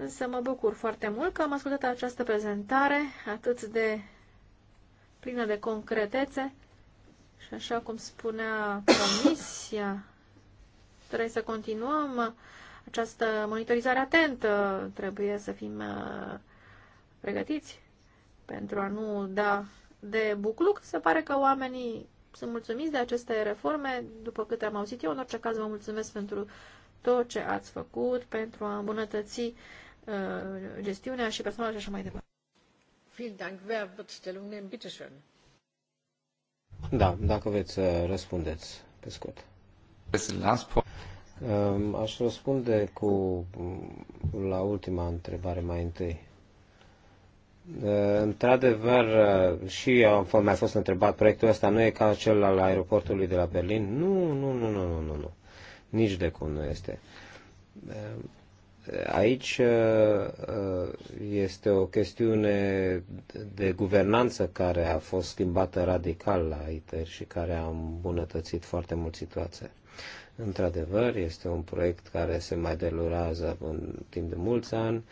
Însă mă bucur foarte mult că am ascultat această prezentare atât de plină de concretețe și așa cum spunea Comisia, trebuie să continuăm această monitorizare atentă, trebuie să fim uh, pregătiți pentru a nu da de bucluc. Se pare că oamenii sunt mulțumiți de aceste reforme, după câte am auzit eu. În orice caz, vă mulțumesc pentru tot ce ați făcut pentru a îmbunătăți Uh, gestiunea și personalul și așa mai departe. Vielen Dank. Wer wird Stellung nehmen? Bitte schön. Da, dacă veți uh, răspundeți pe scurt. Um, aș răspunde cu mm, la ultima întrebare mai întâi. Uh, într-adevăr, și am mi-a fost întrebat, proiectul ăsta nu e ca cel al aeroportului de la Berlin? Nu, nu, nu, nu, nu, nu, nu. Nici de cum nu este aici uh, uh, este o chestiune de guvernanță care a fost schimbată radical la ITER și care a îmbunătățit foarte mult situația. Într-adevăr, este un proiect care se mai delurează în timp de mulți ani.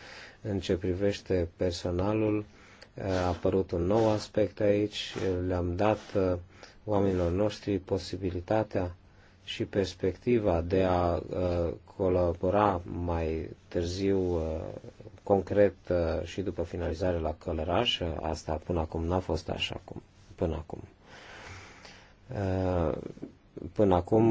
În ce privește personalul, uh, a apărut un nou aspect aici. Le-am dat oamenilor noștri posibilitatea și perspectiva de a uh, colabora mai târziu uh, concret uh, și după finalizare la Călăraș, asta până acum n-a fost așa cum, până acum. Până acum,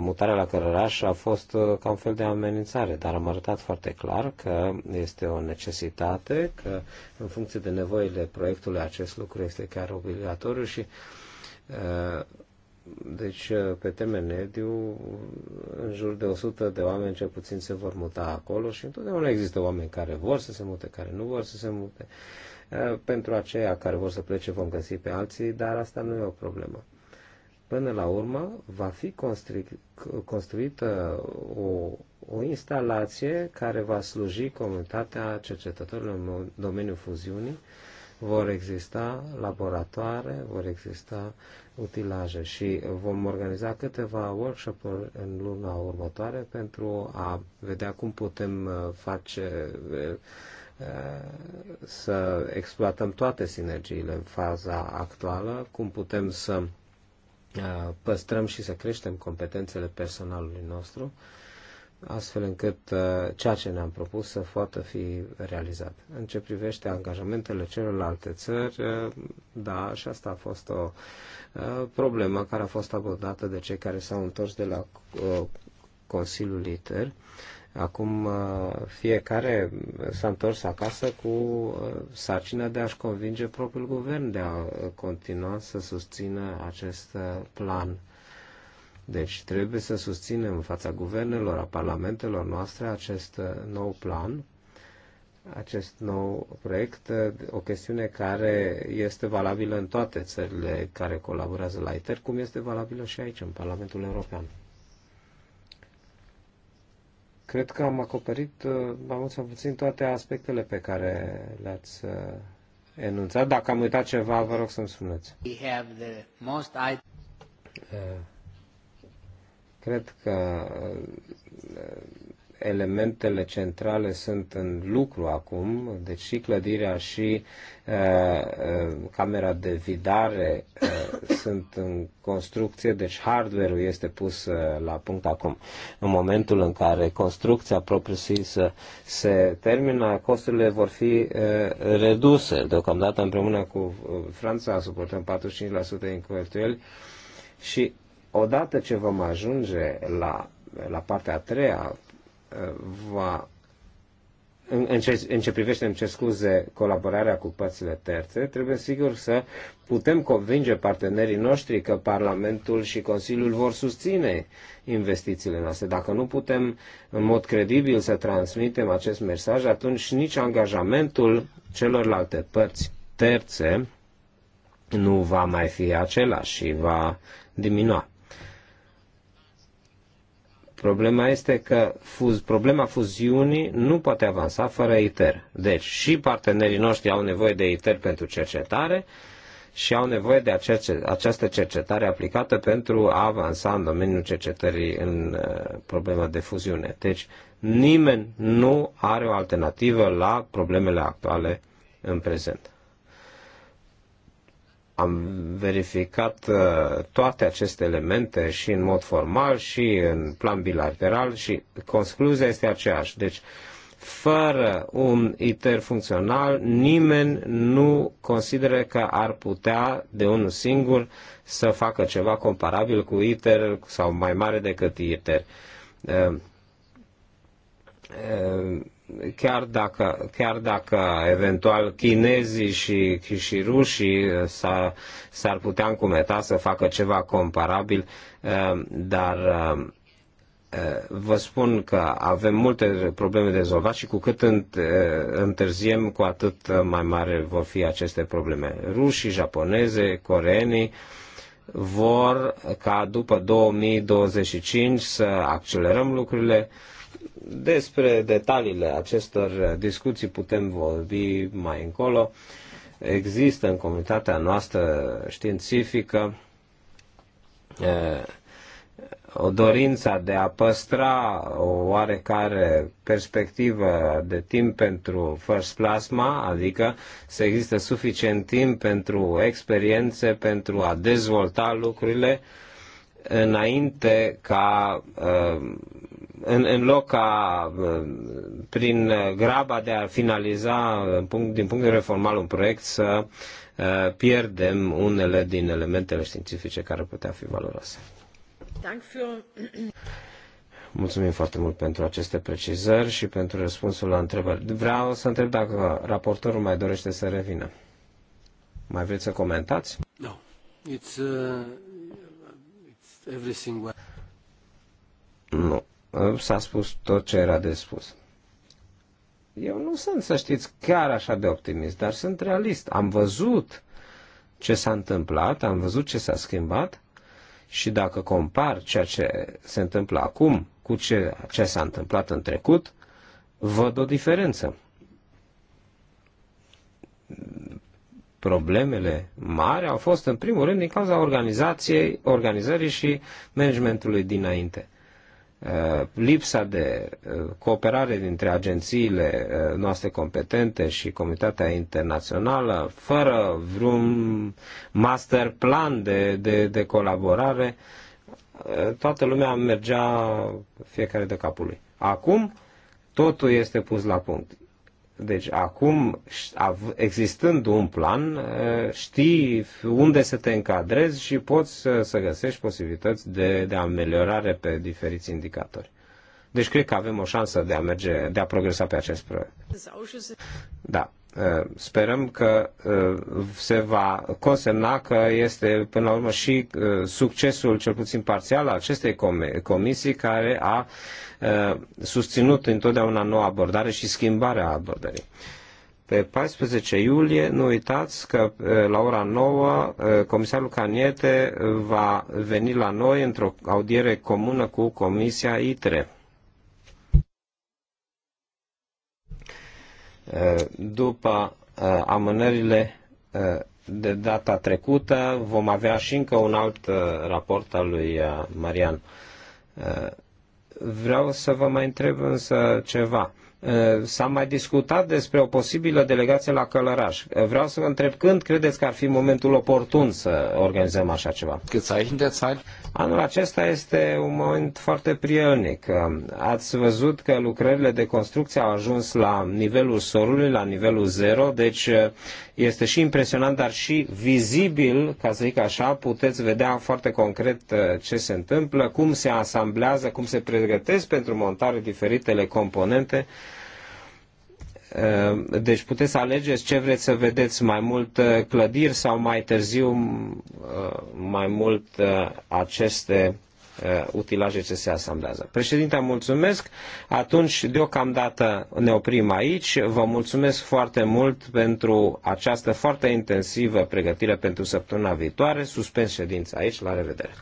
mutarea la Călăraș a fost ca un fel de amenințare, dar am arătat foarte clar că este o necesitate, că în funcție de nevoile proiectului acest lucru este chiar obligatoriu și deci, uh, pe termen mediu, în jur de 100 de oameni cel puțin se vor muta acolo și întotdeauna există oameni care vor să se mute, care nu vor să se mute. Uh, pentru aceia care vor să plece vom găsi pe alții, dar asta nu e o problemă. Până la urmă, va fi construită o, o instalație care va sluji comunitatea cercetătorilor în domeniul fuziunii. Vor exista laboratoare, vor exista utilaje și vom organiza câteva workshop-uri în luna următoare pentru a vedea cum putem uh, face uh, să exploatăm toate sinergiile în faza actuală, cum putem să uh, păstrăm și să creștem competențele personalului nostru astfel încât uh, ceea ce ne-am propus să poată fi realizat. În ce privește angajamentele celorlalte țări, uh, da, și asta a fost o uh, problemă care a fost abordată de cei care s-au întors de la Consiliul ITER. Acum fiecare s-a întors acasă cu sarcina de a-și convinge propriul guvern de a continua să susțină acest plan deci trebuie să susținem în fața guvernelor, a parlamentelor noastre acest uh, nou plan, acest nou proiect, uh, o chestiune care este valabilă în toate țările care colaborează la ITER, cum este valabilă și aici, în Parlamentul European. Cred că am acoperit uh, mai mult sau puțin toate aspectele pe care le-ați enunțat. Dacă am uitat ceva, vă rog să-mi spuneți. We have the most Cred că uh, elementele centrale sunt în lucru acum, deci și clădirea și uh, uh, camera de vidare uh, sunt în construcție, deci hardware-ul este pus uh, la punct acum. În momentul în care construcția propriu-zisă se termină, costurile vor fi uh, reduse. Deocamdată împreună cu uh, Franța suportăm 45% din cheltuieli și Odată ce vom ajunge la, la partea a treia, va, în, în, ce, în ce privește, în ce scuze, colaborarea cu părțile terțe, trebuie sigur să putem convinge partenerii noștri că Parlamentul și Consiliul vor susține investițiile noastre. Dacă nu putem în mod credibil să transmitem acest mesaj, atunci nici angajamentul celorlalte părți terțe nu va mai fi același și va diminua. Problema este că fuz, problema fuziunii nu poate avansa fără ITER. Deci și partenerii noștri au nevoie de ITER pentru cercetare și au nevoie de acerce, această cercetare aplicată pentru a avansa în domeniul cercetării în uh, problema de fuziune. Deci nimeni nu are o alternativă la problemele actuale în prezent. Am verificat uh, toate aceste elemente și în mod formal și în plan bilateral și concluzia este aceeași. Deci, fără un ITER funcțional, nimeni nu consideră că ar putea de unul singur să facă ceva comparabil cu ITER sau mai mare decât ITER uh, uh, chiar dacă, chiar dacă eventual chinezii și, și rușii uh, s-ar, ar putea încumeta să facă ceva comparabil, uh, dar uh, vă spun că avem multe probleme de rezolvat și cu cât întârziem, cu atât mai mare vor fi aceste probleme. Rușii, japoneze, coreenii, vor ca după 2025 să accelerăm lucrurile, uh, despre detaliile acestor discuții putem vorbi mai încolo. Există în comunitatea noastră științifică eh, o dorință de a păstra o oarecare perspectivă de timp pentru first plasma, adică să existe suficient timp pentru experiențe, pentru a dezvolta lucrurile, înainte ca uh, în, în loc ca uh, prin graba de a finaliza uh, din punct de vedere formal un proiect să uh, pierdem unele din elementele științifice care putea fi valoroase. Mulțumim foarte mult pentru aceste precizări și pentru răspunsul la întrebări. Vreau să întreb dacă raportorul mai dorește să revină. Mai vreți să comentați? No. It's, uh, it's everything well. No s-a spus tot ce era de spus. Eu nu sunt, să știți, chiar așa de optimist, dar sunt realist. Am văzut ce s-a întâmplat, am văzut ce s-a schimbat și dacă compar ceea ce se întâmplă acum cu ce, ce s-a întâmplat în trecut, văd o diferență. Problemele mari au fost, în primul rând, din cauza organizației, organizării și managementului dinainte. Uh, lipsa de uh, cooperare dintre agențiile uh, noastre competente și comunitatea internațională, fără vreun master plan de, de, de colaborare, toată lumea mergea fiecare de capul lui. Acum totul este pus la punct. Deci acum, existând un plan, știi unde să te încadrezi și poți să, să găsești posibilități de, de ameliorare pe diferiți indicatori. Deci cred că avem o șansă de a merge, de a progresa pe acest proiect. Da. Uh, sperăm că uh, se va consemna că este până la urmă și uh, succesul cel puțin parțial al acestei comisii care a susținut întotdeauna noua abordare și schimbarea abordării. Pe 14 iulie, nu uitați că la ora 9 comisarul Caniete va veni la noi într-o audiere comună cu Comisia ITRE. După uh, amânările uh, de data trecută vom avea și încă un alt uh, raport al lui Marian. Vreau să vă mai întreb însă ceva. S-a mai discutat despre o posibilă delegație la Călăraș. Vreau să vă întreb când credeți că ar fi momentul oportun să organizăm așa ceva? Cât Anul acesta este un moment foarte prielnic. Ați văzut că lucrările de construcție au ajuns la nivelul solului, la nivelul zero, deci eh, este și impresionant, dar și vizibil, ca să zic așa, puteți vedea foarte concret eh, ce se întâmplă, cum se asamblează, cum se pregătesc pentru montare diferitele componente. Ehm, deci puteți să alegeți ce vreți să vedeți, mai mult eh, clădiri sau mai târziu eh, mai mult eh, aceste utilaje ce se asamblează. Președinte, mulțumesc. Atunci, deocamdată ne oprim aici. Vă mulțumesc foarte mult pentru această foarte intensivă pregătire pentru săptămâna viitoare. Suspens ședința aici. La revedere!